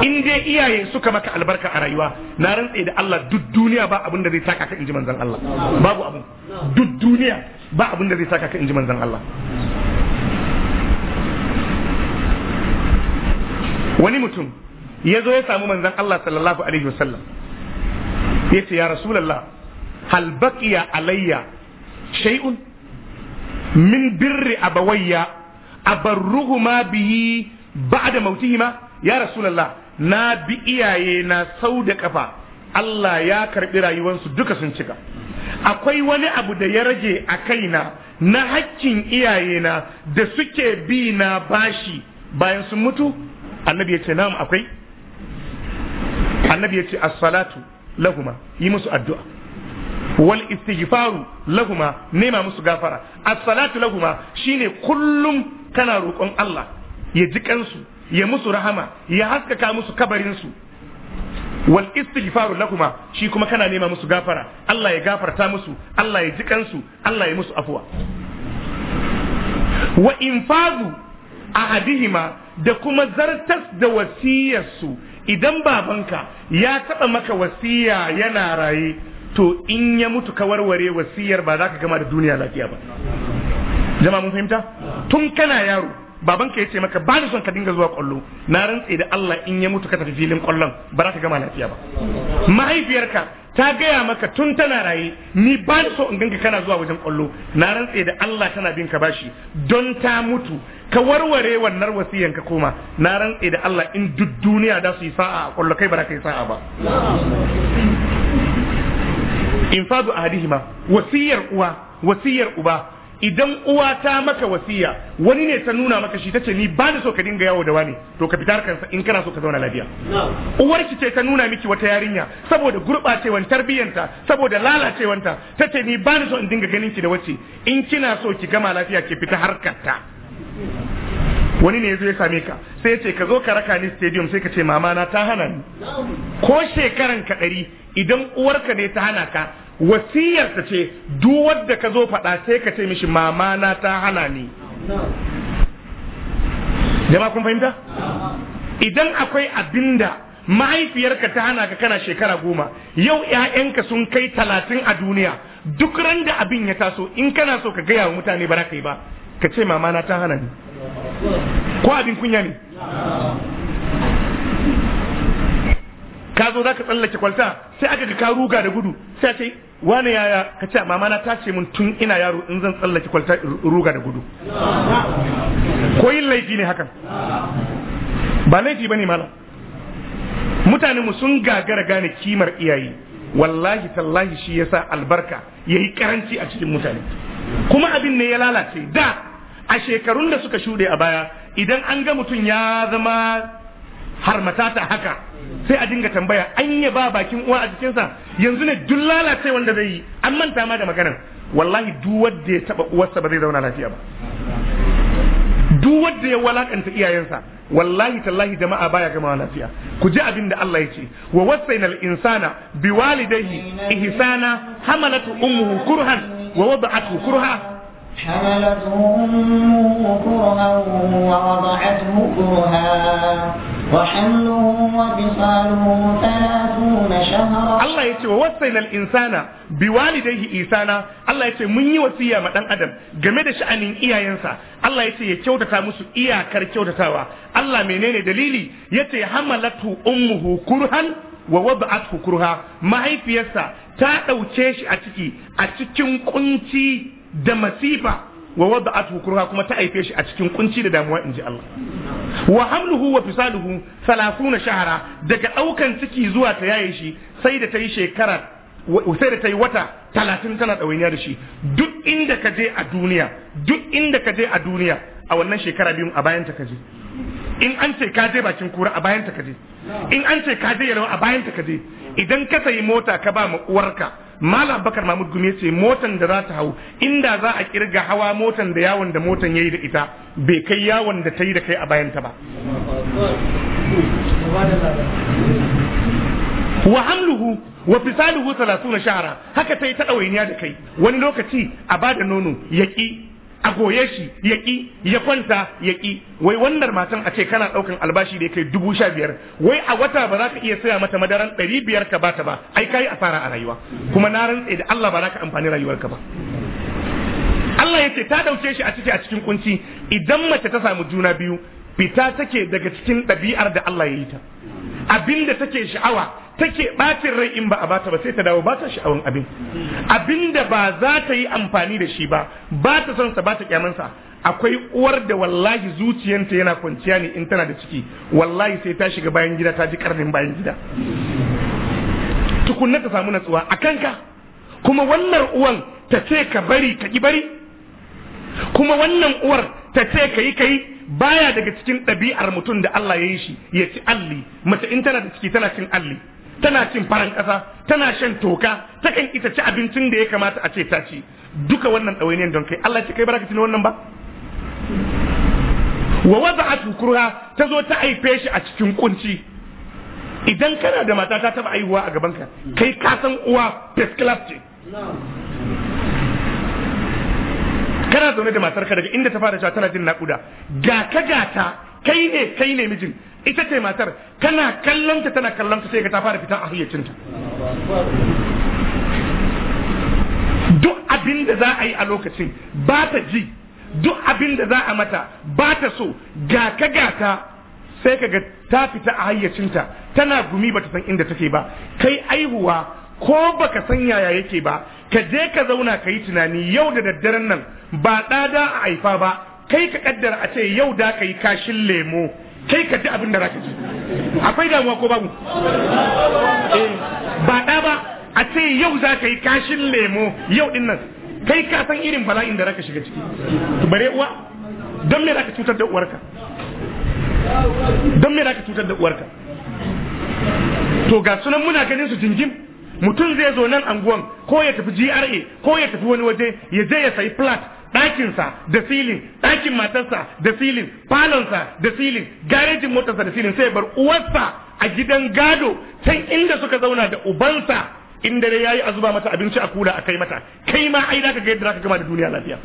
in dai iyaye suka maka albarka a rayuwa na rantse da Allah duk duniya ba abin da zai saka ka inji manzon Allah babu abin duk duniya ba abin da zai saka ka inji manzon Allah wani mutum ya zo ya samu manzon Allah sallallahu alaihi wasallam ya ce ya rasulullah hal baqiya alayya shay'un min birri abawayya abarruhuma bihi ba'da mautihima ya rasulullah na bi iyaye na sau da kafa Allah ya karbi rayuwansu duka sun cika akwai wani abu da ya rage a kaina na hakkin na da suke bi na bashi bayan sun mutu annabi ya ce na'am akwai annabi ya ce as-salatu lahuma yi musu addu'a wal istighfaru lahuma nema musu gafara as-salatu lahuma shine kullum kana roƙon Allah ya ji kansu ya musu rahama ya haskaka musu kabarin su wal istighfaru lahuma shi kuma kana nema musu gafara Allah ya gafarta musu Allah ya ji kansu Allah ya musu afuwa wa infazu ahadihima da kuma zartas da wasiyarsu idan babanka ya taɓa maka wasiya yana raye to in ya mutu ka warware wasiyar ba za ka gama da duniya lafiya ba jama'a mun fahimta tun kana yaro baban ka yace maka ba ni son ka dinga zuwa kwallo na rantse da Allah in ya mutu ka tafi filin kwallon ba za ka gama lafiya ba mahaifiyarka ta gaya maka tun tana raye ni ba ni so in ganka kana zuwa wajen kwallo na rantse da Allah tana bin ka bashi don ta mutu ka warware wannan wasiyan ka koma na rantse da Allah in duk duniya da su yi sa'a a kwallo kai ba za ka yi sa'a ba infadu ahadihima wasiyar uwa wasiyar uba idan uwa ta maka wasiya wani ne ta nuna maka shi tace ni ba da so ka dinga yawo da wani to ka fitar kansa in kana so ka zauna lafiya uwar ki ce ta nuna miki wata yarinya saboda gurbacewan tarbiyyanta saboda lalacewanta tace ni ba da so in dinga ganin ki da wacce in kina so ki gama lafiya ki fita harkar ta. wani ne ya zo ya same ka sai ya ce ka zo ka raka ni stadium sai ka ce mama na ta hana ni ko shekaran ka ɗari idan uwarka ne ta hana ka wasiyar ta ce duk wanda ka zo faɗa sai ka ce mishi mama na ta hana ni jama'a kun fahimta idan akwai abinda mahaifiyarka ta hana ka kana shekara goma yau 'ya'yanka sun kai talatin a duniya duk ran da abin ya taso in kana so ka gaya wa mutane ba za ka yi ba ka ce mama ta hana ni ko abin kunya ne ka zo za ka tsallake kwalta sai aka ga ka ruga da gudu sai ce wani yaya ka ce mama na tace min tun ina yaro in zan tsallake kwalta ruga da gudu ko yin laifi ne hakan ba laifi bane malam mutane mu sun gagara gane kimar iyaye wallahi tallahi shi yasa albarka yayi karanci a cikin mutane kuma abin ne ya lalace da a shekarun da suka shuɗe a baya idan an ga mutum ya zama harmatata haka sai a dinga tambaya an ya ba bakin uwa a jikinsa yanzu ne duk lalace wanda zai yi an manta ma da maganar wallahi duk wanda ya taba uwarsa ba zai zauna lafiya ba duk wanda ya walakanta iyayensa wallahi tallahi jama'a baya gama lafiya ku ji abin da Allah ya ce wa wasainal insana biwalidayhi ihsana hamalatu ummuhu kurhan wa wada'atu kurha حملته أمه كرها ووضعته كرها وحمله وفصاله ثلاثون شهرا الله يتي ووصينا الإنسان biwalidaihi isana Allah ya ce mun yi wasiya ma dan adam game da sha'anin iyayensa Allah ya ce ya kyautata musu iyakar kyautatawa Allah menene dalili yace hamalatu ummuhu kurhan wa wada'athu kurha mahaifiyarsa ta ɗauke shi a ciki a cikin ƙunci. da masifa wa a kurha kuma ta aife shi a cikin kunci da damuwa in ji Allah wa hamluhu wa fisaluhu 30 shahara daga aukan ciki zuwa ta yaye shi sai da ta yi shekara sai da ta yi wata talatin tana ɗawainiya da shi duk inda ka je a duniya duk inda ka je a duniya a wannan shekara biyun a bayan ta ka je in an ce ka je bakin kura a bayan ta ka je in an ce ka je yalwa a bayan ta ka je idan ka sayi mota ka ba ma uwarka malam bakar mahmud gumi ce motan da za ta hau inda za a kirga hawa motan da yawon da motan yayi da ita bai kai yawon da ta yi da kai a bayanta ba wa hamluhu wa fisaluhu 30 shahara haka ta yi ta ɗawainiya da kai wani lokaci a bada nono yaki a goye shi ya ƙi ya kwanta ya ƙi wai wannan matan a ce kana ɗaukan albashi da ya kai dubu sha biyar wai a wata ba za ka iya saya mata madaran ɗari biyar ka bata ba ai kayi asara a rayuwa kuma na rantse da Allah ba za ka amfani rayuwarka ba Allah ya ce ta ɗauke shi a ciki a cikin kunci idan mace ta samu juna biyu fita take daga cikin ɗabi'ar da Allah ya yi ta abinda take sha'awa take ɓacin rai in ba a bata ba sai ta dawo bata sha'awan abin abin da ba za ta yi amfani da shi ba ba ta son sa ba ta kyamansa akwai uwar da wallahi zuciyanta yana kwanciya ne in tana da ciki wallahi sai ta shiga bayan gida ta ji karnin bayan gida tukunna ta samu natsuwa a kanka kuma wannan uwan ta ce ka bari ka ki bari kuma wannan uwar ta ce ka yi ka baya daga cikin ɗabi'ar mutum da Allah ya yi shi ya ci alli mace in tana da ciki tana cin alli tana cin faran kasa, tana shan toka takan ita ci abincin da ya kamata a ce ta ci duka wannan ɗawainiyar don kai Allah ce kai baraka tuni wannan ba wa wada'atu kurha ta zo ta haife shi a cikin kunci idan kana da mata ta taba aihuwa a ka, kai ka san uwa first class ce kana zaune da matarka daga inda ta fara cewa tana jin naƙuda ga ka ga ta kai ne kai ne mijin ita ce matar kana kallonta tana kallonta ta sai ga ta fara fita a hayyacinta duk abin da za a yi a lokacin ba ta ji duk abin da za a mata ba ta so ga ka ga ta sai ka ga ta fita a hayyacinta tana gumi ba ta san inda take ba kai aihuwa ko ba ka san yaya yake ba ka je ka zauna ka yi tunani yau da daddaren nan ba ɗada a haifa ba kai ka ƙaddara a ce yau da ka yi kashin lemo kai ka ji abin da ka ji akwai damuwa ko babu eh, ba da ba a ce yau za ka yi kashin lemo yau din nan kai ka san irin bala'in da ka shiga ciki bare uwa don me za ka cutar da uwarka don me za ka cutar da uwarka to ga sunan muna ganin su jingim mutum zai zo nan anguwan ko ya tafi GRA ko ya tafi wani waje ya je ya sayi flat ɗakinsa da filin ɗakin matarsa da filin falonsa da filin garejin motarsa da filin sai bar uwarsa a gidan gado can inda suka zauna da ubansa in dare yayi a zuba mata abinci a kula a kai mata kai ma ai zaka ga yadda zaka gama da duniya lafiya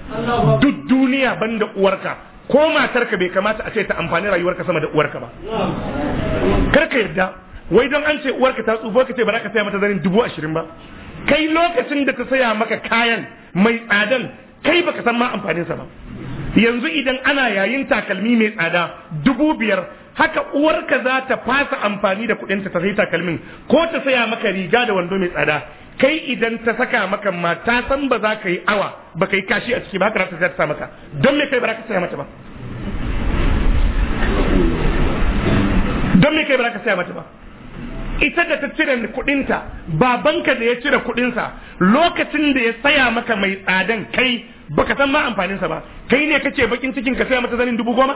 duk duniya banda uwarka ko matarka bai kamata a ce ta amfani rayuwarka sama da uwarka ba kar ka yadda wai don an ce uwarka ta tsufa ka ce ba za ka saya mata zanin dubu ashirin ba kai lokacin da ta saya maka kayan mai tsadan kai baka san ma amfaninsa ba yanzu idan ana yayin takalmi mai tsada dubu biyar haka uwarka za ta fasa amfani da kudinta ta sai takalmin ko ta saya maka riga da wando mai tsada kai idan ta saka maka ma ta san ba za ka yi awa ba ka yi kashi a ciki ba haka za ta sa maka don me kai ba za ka saya mata ba don me kai ba za ka saya mata ba ita da ta cire kudinta babanka da ya cire kudinsa lokacin da ya saya maka mai tsadan kai baka san ma amfaninsa ba kai ne kace bakin cikin ka saya mata zanin dubu goma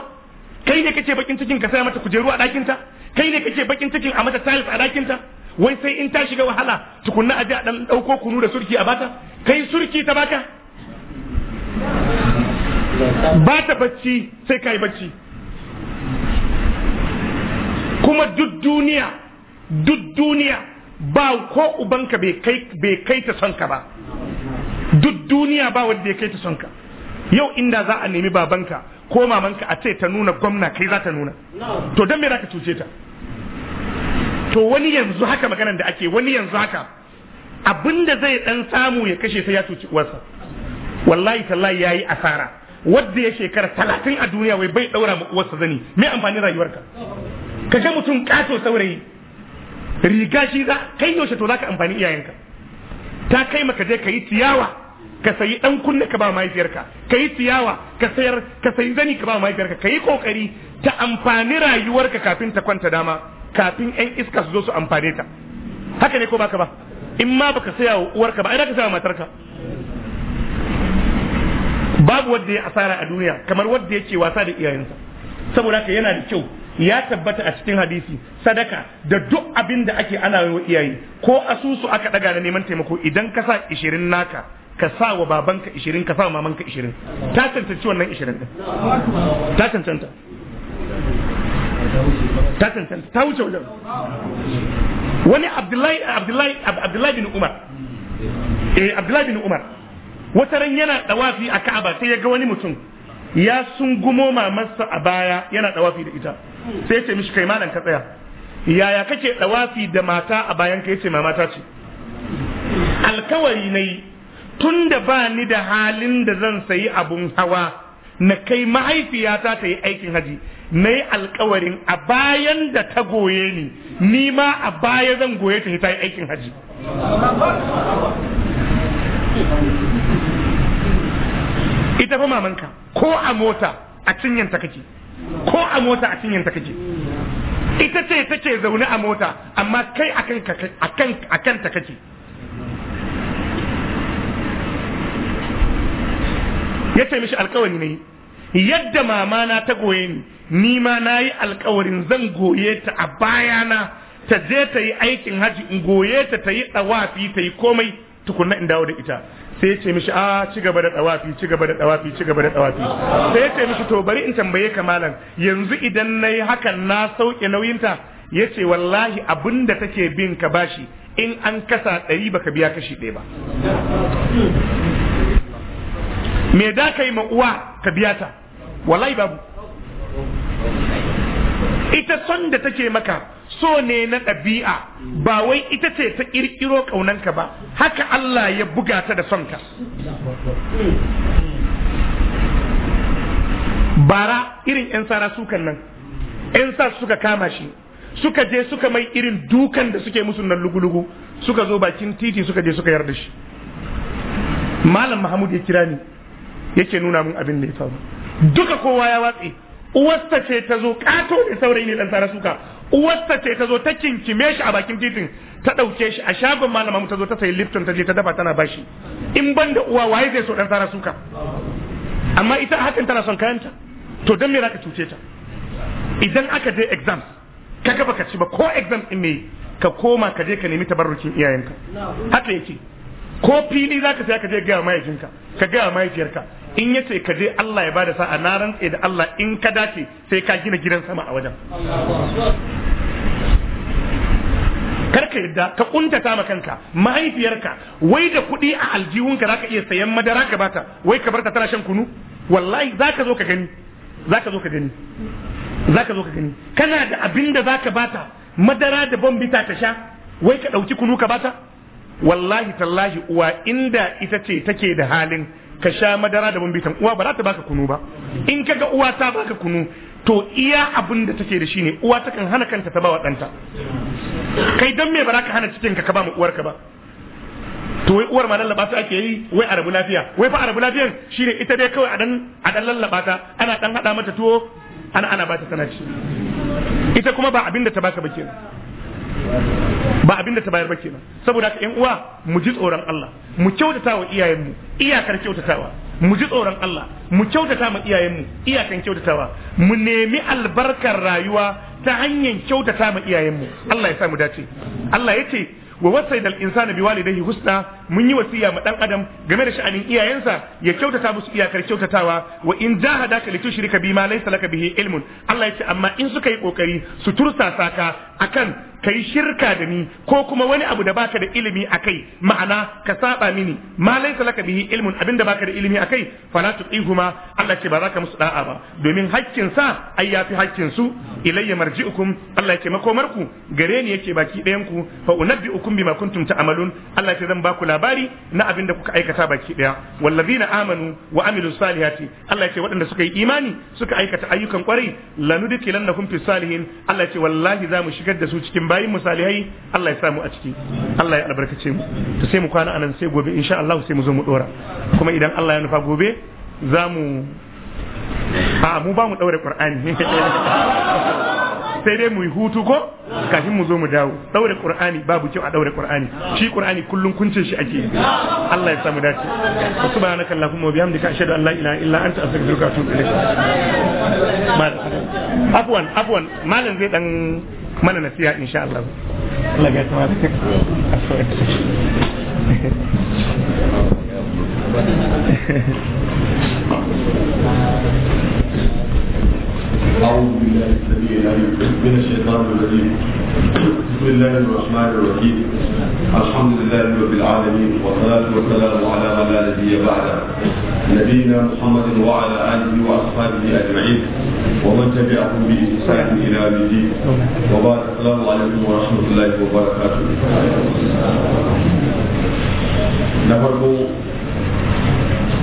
kai ne kace bakin cikin ka saya mata kujeru a ɗakinta kai ne kace bakin cikin a mata tiles a ɗakinta wai sai in ta shiga wahala tukunna a a dan dauko kunu da surki a bata kai surki ta baka ba ta bacci sai kai bacci kuma duk duniya duk duniya ba ko ubanka bai kai ta sonka ba duk duniya ba wanda ya kai ta son yau inda za a nemi babanka ko mamanka a ce ta nuna gwamna kai za ta nuna to don me za ka cuce ta to wani yanzu haka maganar da ake wani yanzu haka abinda zai dan samu ya kashe sai ya cuci uwarsa wallahi tallahi yayi asara wanda ya shekara talatin a duniya wai bai daura ma uwarsa zani me amfani rayuwarka ka ga mutum kato saurayi riga shi za kai yaushe to za ka amfani iyayenka ta kai maka je ka yi tiyawa ka sayi dan kunne ka ba mahaifiyarka ka yi tiyawa ka sayar ka sayi zani ka ba mahaifiyarka ka yi kokari ta amfani rayuwarka kafin ta kwanta dama kafin yan iska su zo su amfane ta haka ne ko baka ba in ma baka saya wa uwarka ba ai ka saya matarka babu wanda ya asara a duniya kamar wanda yake wasa da iyayensa saboda haka yana da kyau ya tabbata a cikin hadisi sadaka da duk abin da ake ana wa iyaye ko asusu aka daga na neman taimako idan ka sa ishirin naka ka sa wa babanka ishirin ka sa wa mamanka ishirin ta cancanci wannan ishirin din ta cancanta ta cancanta ta wuce wajen wani abdullahi abdullahi abdullahi bin umar eh abdullahi bin umar wata ran yana dawafi a ka'aba sai ya ga wani mutum ya sungumo mamarsa a baya yana dawafi da ita sai ce mishi kai malam ka tsaya yaya kake dawafi da mata a bayan ka yace mamata ce alkawari nayi tunda da ba ni da halin da zan sayi abun hawa na kai mahaifiyata ta yi aikin haji na yi alkawarin a bayan da ta goye ni ni ma a baya zan goye ta ta yi aikin haji ita fa mamanka ko a mota a cinyanta kake ko a mota a cinyanta kake ita ce take zaune a mota amma kai a kanta kake ya ce mishi alkawari ne yadda mama na ta goye ni ni ma na yi alkawarin zan goye ta a bayana ta je ta yi aikin haji goye ta ta yi tsawafi ta yi komai tukunna in dawo da ita sai ya ce mishi a ah, ci gaba da dawafi ci gaba da dawafi ci gaba da dawafi sai ya ce mishi to bari in tambaye ka malam yanzu idan nayi hakan na sauke nauyinta ya ce wallahi da take bin ka bashi in an kasa ɗari baka biya kashi ɗaya ba me da ka yi uwa ka biya ta wallahi babu ita son da take maka so ne na ɗabi'a ba wai ita ce ta ƙirƙiro ƙaunanka ba haka Allah ya buga ta da son ka. bara irin 'yan sara sukan nan 'yan sa suka kama shi suka je suka mai irin dukan da suke musu nan lugulugu lugu suka zo bakin titi suka je suka yarda shi malam mahmud ya kira ni yake nuna mun abin da ya faru duka kowa ya watse uwarsa ce ta zo kato da saurayi ne dan sara suka uwarsa ce ta zo ta kinkime shi a bakin titin ta ɗauke shi a shagon malama ta zo ta sayi lifton ta je ta dafa tana bashi in ban da uwa waye zai so ɗan tsara suka amma ita hakan tana son kayanta to don me zaka cuce ta idan aka je exam ka gaba ka ci ba ko exam ɗin ne ka koma ka je ka nemi tabarrukin iyayenka haka yake ko fili zaka saya ka je ga mahaifinka ka ga mahaifiyarka in yace ka je Allah ya bada sa'a na rantse da Allah in ka dace sai ka gina gidan sama a wajen karka yadda ka kuntata ma kanka mahaifiyarka wai da kuɗi a aljihunka zaka iya sayan madara ka bata wai ka barta tana shan kunu wallahi zaka zo ka gani zaka zo ka gani zaka zo ka gani kana da abin da zaka bata madara da bombita ta sha wai ka ɗauki kunu ka bata wallahi tallahi uwa inda ita ce take da halin ka sha madara da bambitan uwa ba za ta baka kunu ba in ka ga uwa ta baka kunu to iya abin da take da shi ne uwa takan hana kanta ta bawa ɗanta kai don me ba za ka hana cikin ka ka ba mu uwarka ba to wai uwar ma lallaba ta ake yi wai arabu lafiya wai fa arabu lafiyan shine ita dai kawai a dan a dan lallaba ta ana dan hada mata tuwo ana ana ba ta tana ci ita kuma ba abin da ta baka ba kenan ba abinda ta bayar ba kenan saboda haka yan uwa mu ji tsoron Allah mu kyautata wa iyayenmu iyakar kyautatawa mu ji tsoron Allah mu kyautata ma iyayenmu iyakan kyautatawa mu nemi albarkar rayuwa ta hanyar kyautata ma iyayenmu Allah ya sa mu dace Allah ya ce wa wasaidal insana biwalidayhi husna mun yi wasiya ma dan adam game da sha'anin iyayensa ya kyautata musu iyakar kyautatawa wa in jahadaka litushirika bima laysa laka bihi ilmun Allah yace amma in suka yi kokari su tursasa ka akan kai shirka da ni ko kuma wani abu da baka da ilimi akai ma'ana ka saba mini ma laysa laka bihi ilmun abinda baka da ilimi akai fala tuqihuma Allah ce ba za ka musu da'a ba domin hakkin sa ai yafi hakkin su ilayya marji'ukum Allah ce makomarku gare ni yake baki ɗayan ku fa unabbi'ukum bima kuntum ta'malun Allah ce zan ba labari na abin da kuka aikata baki ɗaya wallazina amanu wa amilu salihati Allah ya ce waɗanda suka yi imani suka aikata ayyukan kwarai lanudkilannahum fi salihin Allah ya ce wallahi zamu shigar da su cikin bayin mu salihai Allah ya samu a ciki Allah ya albarkace mu to sai mu kwana anan sai gobe insha Allah sai mu zo mu dora kuma idan Allah ya nufa gobe za mu a mu ba mu daure Qur'ani sai dai mu yi hutu ko kafin mu zo mu dawo daure qur'ani babu kyau a daure qur'ani shi qur'ani kullun kunce shi ake yi Allah ya samu dace subhanaka allahumma wa bihamdika ashhadu an la ilaha illa anta astaghfiruka wa atubu ilaik afwan afwan malam zai dan mana nasiha insha Allah Allah ya tsama da you. أعوذ بالله السميع العليم من الشيطان الرجيم بسم الله الرحمن الرحيم الحمد لله رب العالمين والصلاة والسلام على من لا نبي بعده نبينا محمد وعلى آله وأصحابه أجمعين ومن تبعهم بإحسان إلى يوم الدين وبارك السلام عليكم ورحمة الله وبركاته na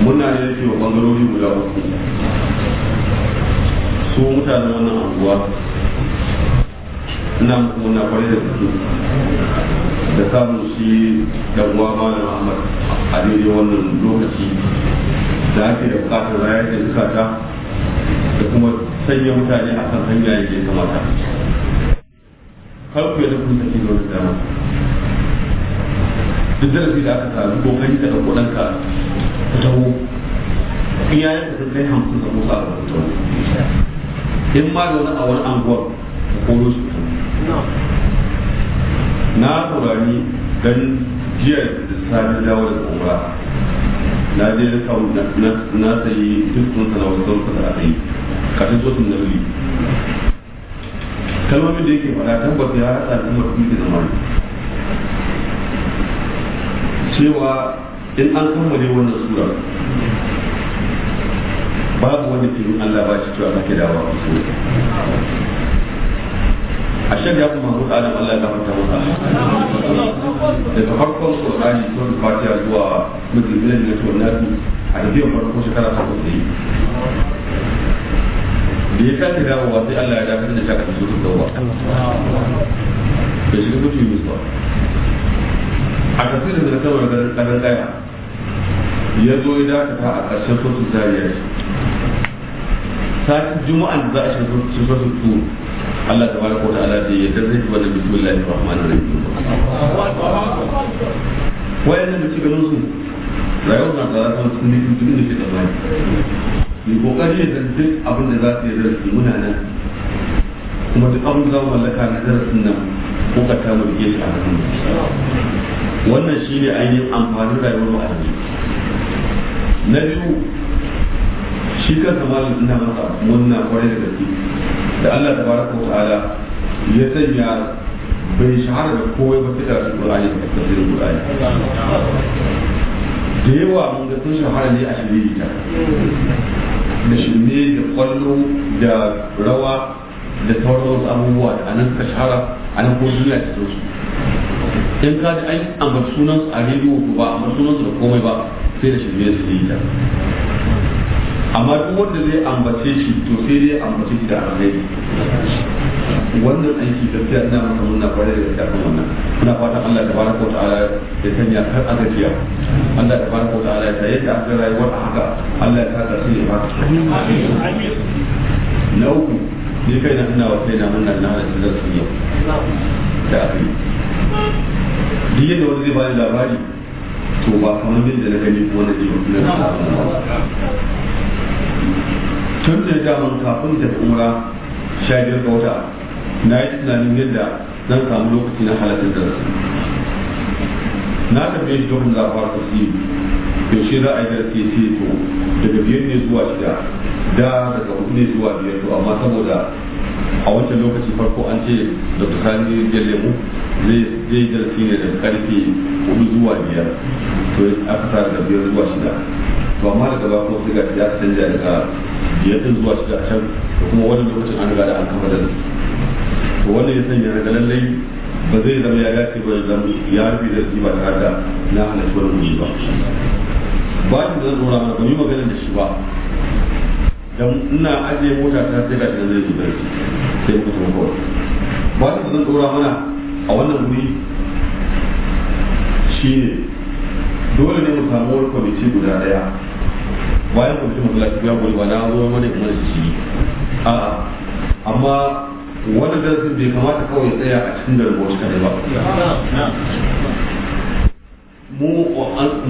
منا إليك ne yake su mutane wannan anguwa ina muna kwari kwarai da gaske da samun shi dan uwa na Ahmad a daidai wannan lokaci da ake da bukatar raya da zukata da kuma sanya mutane a kan hanya yake kamata kar kuwa da kun sake da dama duk darasi da aka sami ko kai daga ka ta taho in yayin da kai hamsin da musa a rubuta in ma da wani awar wani anguwar da koro su na saurari dan jiya da sami dawo da kumra na je da kawo na sayi dukkan sanawar zaun kasa a kai kafin so sun nabi kalmomin da yake faɗa tabbas ya haɗa da kuma kuma zamani cewa in an kammale wannan sura babu wani firin Allah ba shi cewa kake dawa ku so a shan ya kuma hudu alam Allah ya mata wuta ta farkon shi sun fatiya zuwa mutum zai ne to na a da biyan farkon shekara ta kuɗi da ya kanta dawa dawowa sai Allah ya dafa da shakar su su dawa da shi mutum yi musu a tafiyar da kawai garin ɗaya ya zo ya dakata a ƙarshen sosu zariya sati juma'an da za a shiga cikin suratul tur ta tabaraka wa ta'ala da yadda zai ji wannan bismillahir rahmanir rahim wayannan da cikin su rayuwar na tsara kan sun yi duk da ke tsammani ni kokari da duk abin da za su yi darasi muna nan kuma duk abin za mu mallaka na darasin nan ko ka kokata mu da yake a hannun wannan shine ainihin amfanin rayuwar mu a na biyu shi kansa malam ina masa murna kwarai da gaske da Allah ta tabaraka wa ta'ala ya sanya bai shahara da kowai ba fitar da Qur'ani da tafsirin Qur'ani da yawa mun ga sun shahara ne a shirye ta da shirme da kwallo da rawa da sauran wasu abubuwa da anan ka shahara anan ko duniya ta so in ka ji an ambaci sunan su a rediyo ba ambaci sunan su da komai ba sai da shirme su yi ta amma duk wanda zai ambace shi to sai dai ambace shi da alheri wannan aiki gaskiya ina masa na kwarai da gaskiya kan wannan ina fatan Allah da baraka wa ta'ala ya sanya har aka jiya Allah ta baraka wa ta'ala ya yadda aka rayuwar a haka Allah ya sa shi ya ba na uku ni kai na ina wa na murna na halittar da su yau da aka yi duk yadda wani zai da labari to ba kamar yadda na gani ko na ji mutu na tun da daman kafin da umra sha biyar wata na yi tunanin yadda zan samu lokaci na halatta da rasu na tambaye shi zafar ta fara da shi za a yi zarafi ya ce to daga biyar ne zuwa shida da daga hudu ne zuwa biyar to amma saboda a wancan lokaci farko an ce dr sani da mu zai darasi ne da karfe 4 zuwa biyar to aka sa da biyar zuwa shida to amma daga ba ko sai ga ya canja daga biyar din zuwa shida a can da kuma wani lokacin an riga da an kama da to wannan ya sanya daga lallai ba zai zama ya dace ba ya rufe darasi ba tare da na hana shi wani ba bayan da zan nuna mana ba yi magana da shi ba dan ina ajiye mota ta sai ga zai zubar sai ku sun kawai ba ta zan dora mana a wannan wuri shine dole ne mu samu wani kwamiti guda daya bayan kwamiti mu kula ya goyi ba na zo mana kuma da shi a amma wani darasin bai kamata kawai tsaya a cikin garin wasu kadai ba mu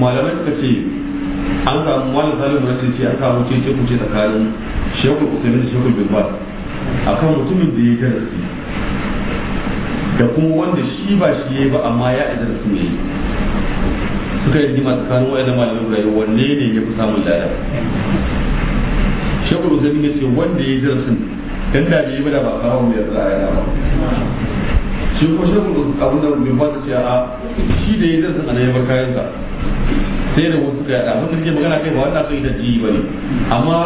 malamai suka ce an samu malam salim rashin ce an samu cece kuce tsakanin shekul usaini da shekul bin bas kan mutumin da ya darasi da kuma wanda shi ba shi ya ba amma ya yi darasi ne suka yi rigima tsakanin wa'annan malamin rayu wanne ne ya fi samun lada shekul usaini ya ce wanda ya yi darasin dan da bai yi ba a ba kawo mai yasa ba shi ko shekul abin da bin bas ce a shi da ya yi darasin a na ya bar kayansa sai da wasu da abin da ke magana kai ba wannan kai da ji ne amma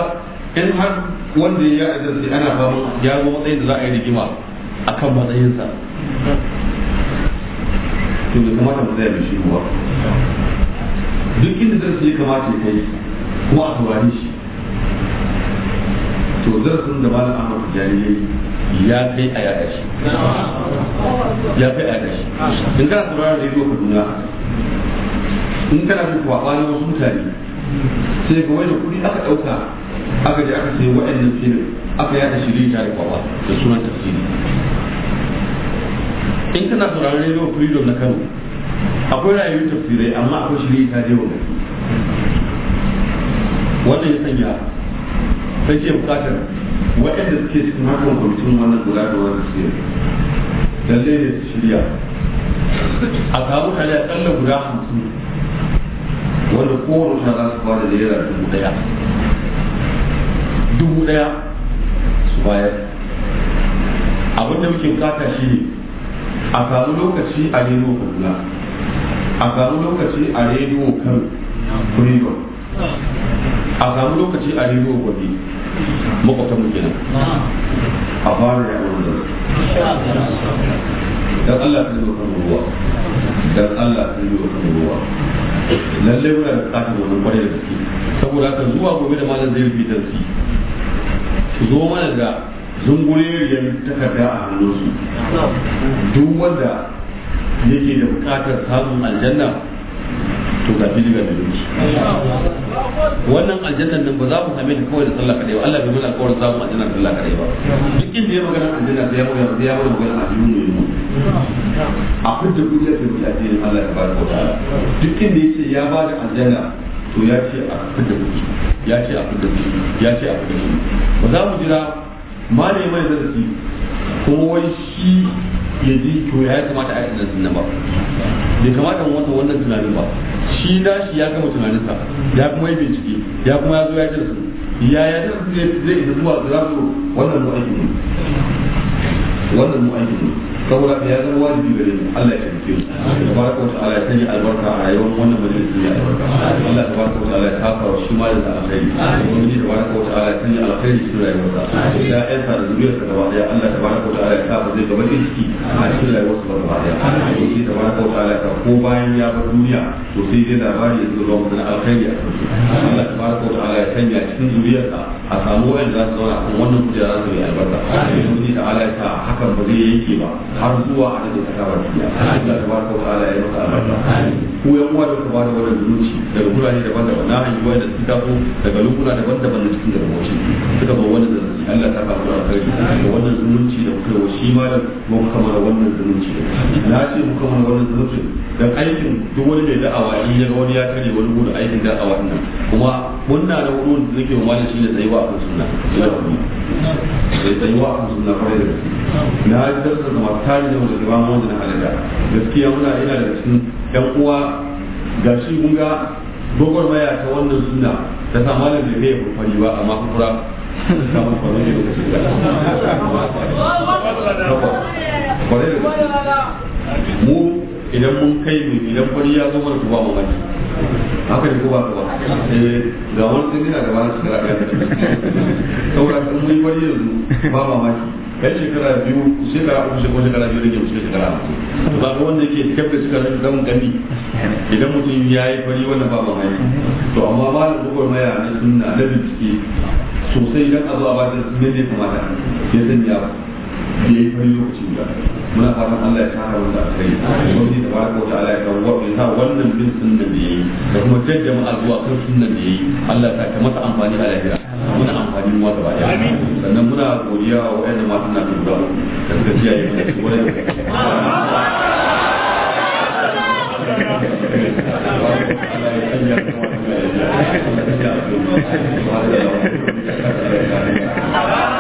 in har wanda ya yarda sai ana ba ya zo matsayin da za a yi rigima kan matsayinsa to da kamata mu tsaya da shi ba duk inda darasi ya kamata ya kai kuma a saurari shi to darasin da malam Ahmad Tijani ya kai a yada shi ya kai a yada shi in kana sauraron ka duna in kana so kwaba na wasu mutane sai ga wani kuɗi aka ɗauka aka je aka sayi waɗannan filin aka yada shirin ta da kwaba da sunan tafsiri in kana sauraron rediyo freedom na kano akwai rayuwar tafsirai amma akwai shirin ta da yawan wannan ya sanya sai ke bukatar waɗanda suke cikin hakan kwamitin wannan guda da wannan sirri lallai ne su shirya a samu a akalla guda hamsin wanda kowane sha za su bada naira dubu daya dubu daya su bayar abin da muke kata shi ne a samu lokaci a rediyo kaduna a samu lokaci a rediyo kan kuriwa a samu lokaci a rediyo gobe makwata mu kenan a fara yawon da dan Allah ta zo kan ruwa dan Allah ta zo kan ruwa lalle muna da tsakin wannan kwarai da gaske saboda haka zuwa gobe da malam zai fi darsi su zo mana da zunguriyar takarda a hannunsu duk wanda yake da bukatar samun aljanna to ga fili ga dalili wannan aljannan nan ba za mu same ta kawai da sallah kadai ba Allah bai mana kawai za mu aljanna da sallah kadai ba duk inda ya magana aljanna sai ya magana sai ya magana aljanna ne mu a fitar duniya da bi addinin Allah ya bada wata duk inda yace ya bada aljanna to ya ce a fitar kuɗi ya ce a fitar kuɗi ya ce a fitar kuɗi ba za mu jira ma ne mai zarafi kuma wai shi yanzu to ya kamata a yi tunanin ba bai kamata mu wata wannan tunanin ba shi na shi ya gama tunaninsa ya kuma yi bincike ya kuma ya zo ya jira su ya ya jira su zai isa zuwa su za su wannan mu'ayyidi wannan mu'ayyidi saboda ya zama wajibi gare mu Allah ya taimake mu tabaraka wa ta'ala ya sanya albarka a rayuwar wannan majalisi ya albarka Allah tabaraka wa ta'ala ya kafa wa shi ma da alkhairi ubangiji tabaraka wa ta'ala ya sanya alkhairi cikin rayuwarsa ya yansa da zuriyarsa gaba daya Allah tabaraka wa ta'ala ya kafa zai gaba ciki a cikin rayuwarsa gaba daya ubangiji tabaraka wa ta'ala ka ko bayan ya bar duniya to sai dai labari ya zo ga wannan alkhairi a canja cikin zuriyarsa a samu wayan za su zauna kan wannan kujera za su yi albarka ubangiji ta ala ta hakan ba zai yake ba har zuwa a da ta kawo tiya da ta barka wa ala ya maka albarka ku yan uwa da ku ba da wannan zuci daga gurare daban-daban na an yi wa'in da suka tafi daga lokuna daban-daban da cikin garboci suka ba wannan da zuci Allah ta kawo kai da wannan zuci da kuka shi ma da kuma kamar wannan zuci na ce muka mana wannan zuci dan aikin duk wani mai da'awa in ya ga wani ya kare wani gudu aikin da'awa nan kuma wannan da mafhum zikirin wani shi ne tsayuwa kan sunna sai tsayuwa kwarai da gaske na ji darsa da wanda na gaskiya muna ina da cikin yan uwa gashi mun ga dogon maya ta wannan suna ta sa malam da zai furfari ba amma furfura kwarai da gaske idan mun kai mu idan fari ya zo mana kuma mamaki haka ne ko ba ku ba eh, ga wani sun tsirina da wani shekara ɗaya da ke saboda kan mun yi fari yanzu ba mamaki kai shekara biyu shekara uku shekara shekara biyu da ke musu shekara to ba ga wanda yake kyau da suka rage gamin gani idan mutum ya yi fari wannan ba mamaki to amma ba da maya na sunna na bincike sosai idan a zo a ba da ne kamata ya sanya ya yi wani lokaci muna fatan Allah ya kara wanda a kai wani da ba ko ta'ala ya kawo wani sa wannan bin sunnan da yi da kuma jajja ma'a zuwa kan sunnan da yayi Allah ta ka masa amfani a lahira muna amfani mu gaba daya sannan muna godiya wa wayannan matan na duba da suka ji yayi da su wani Allah ya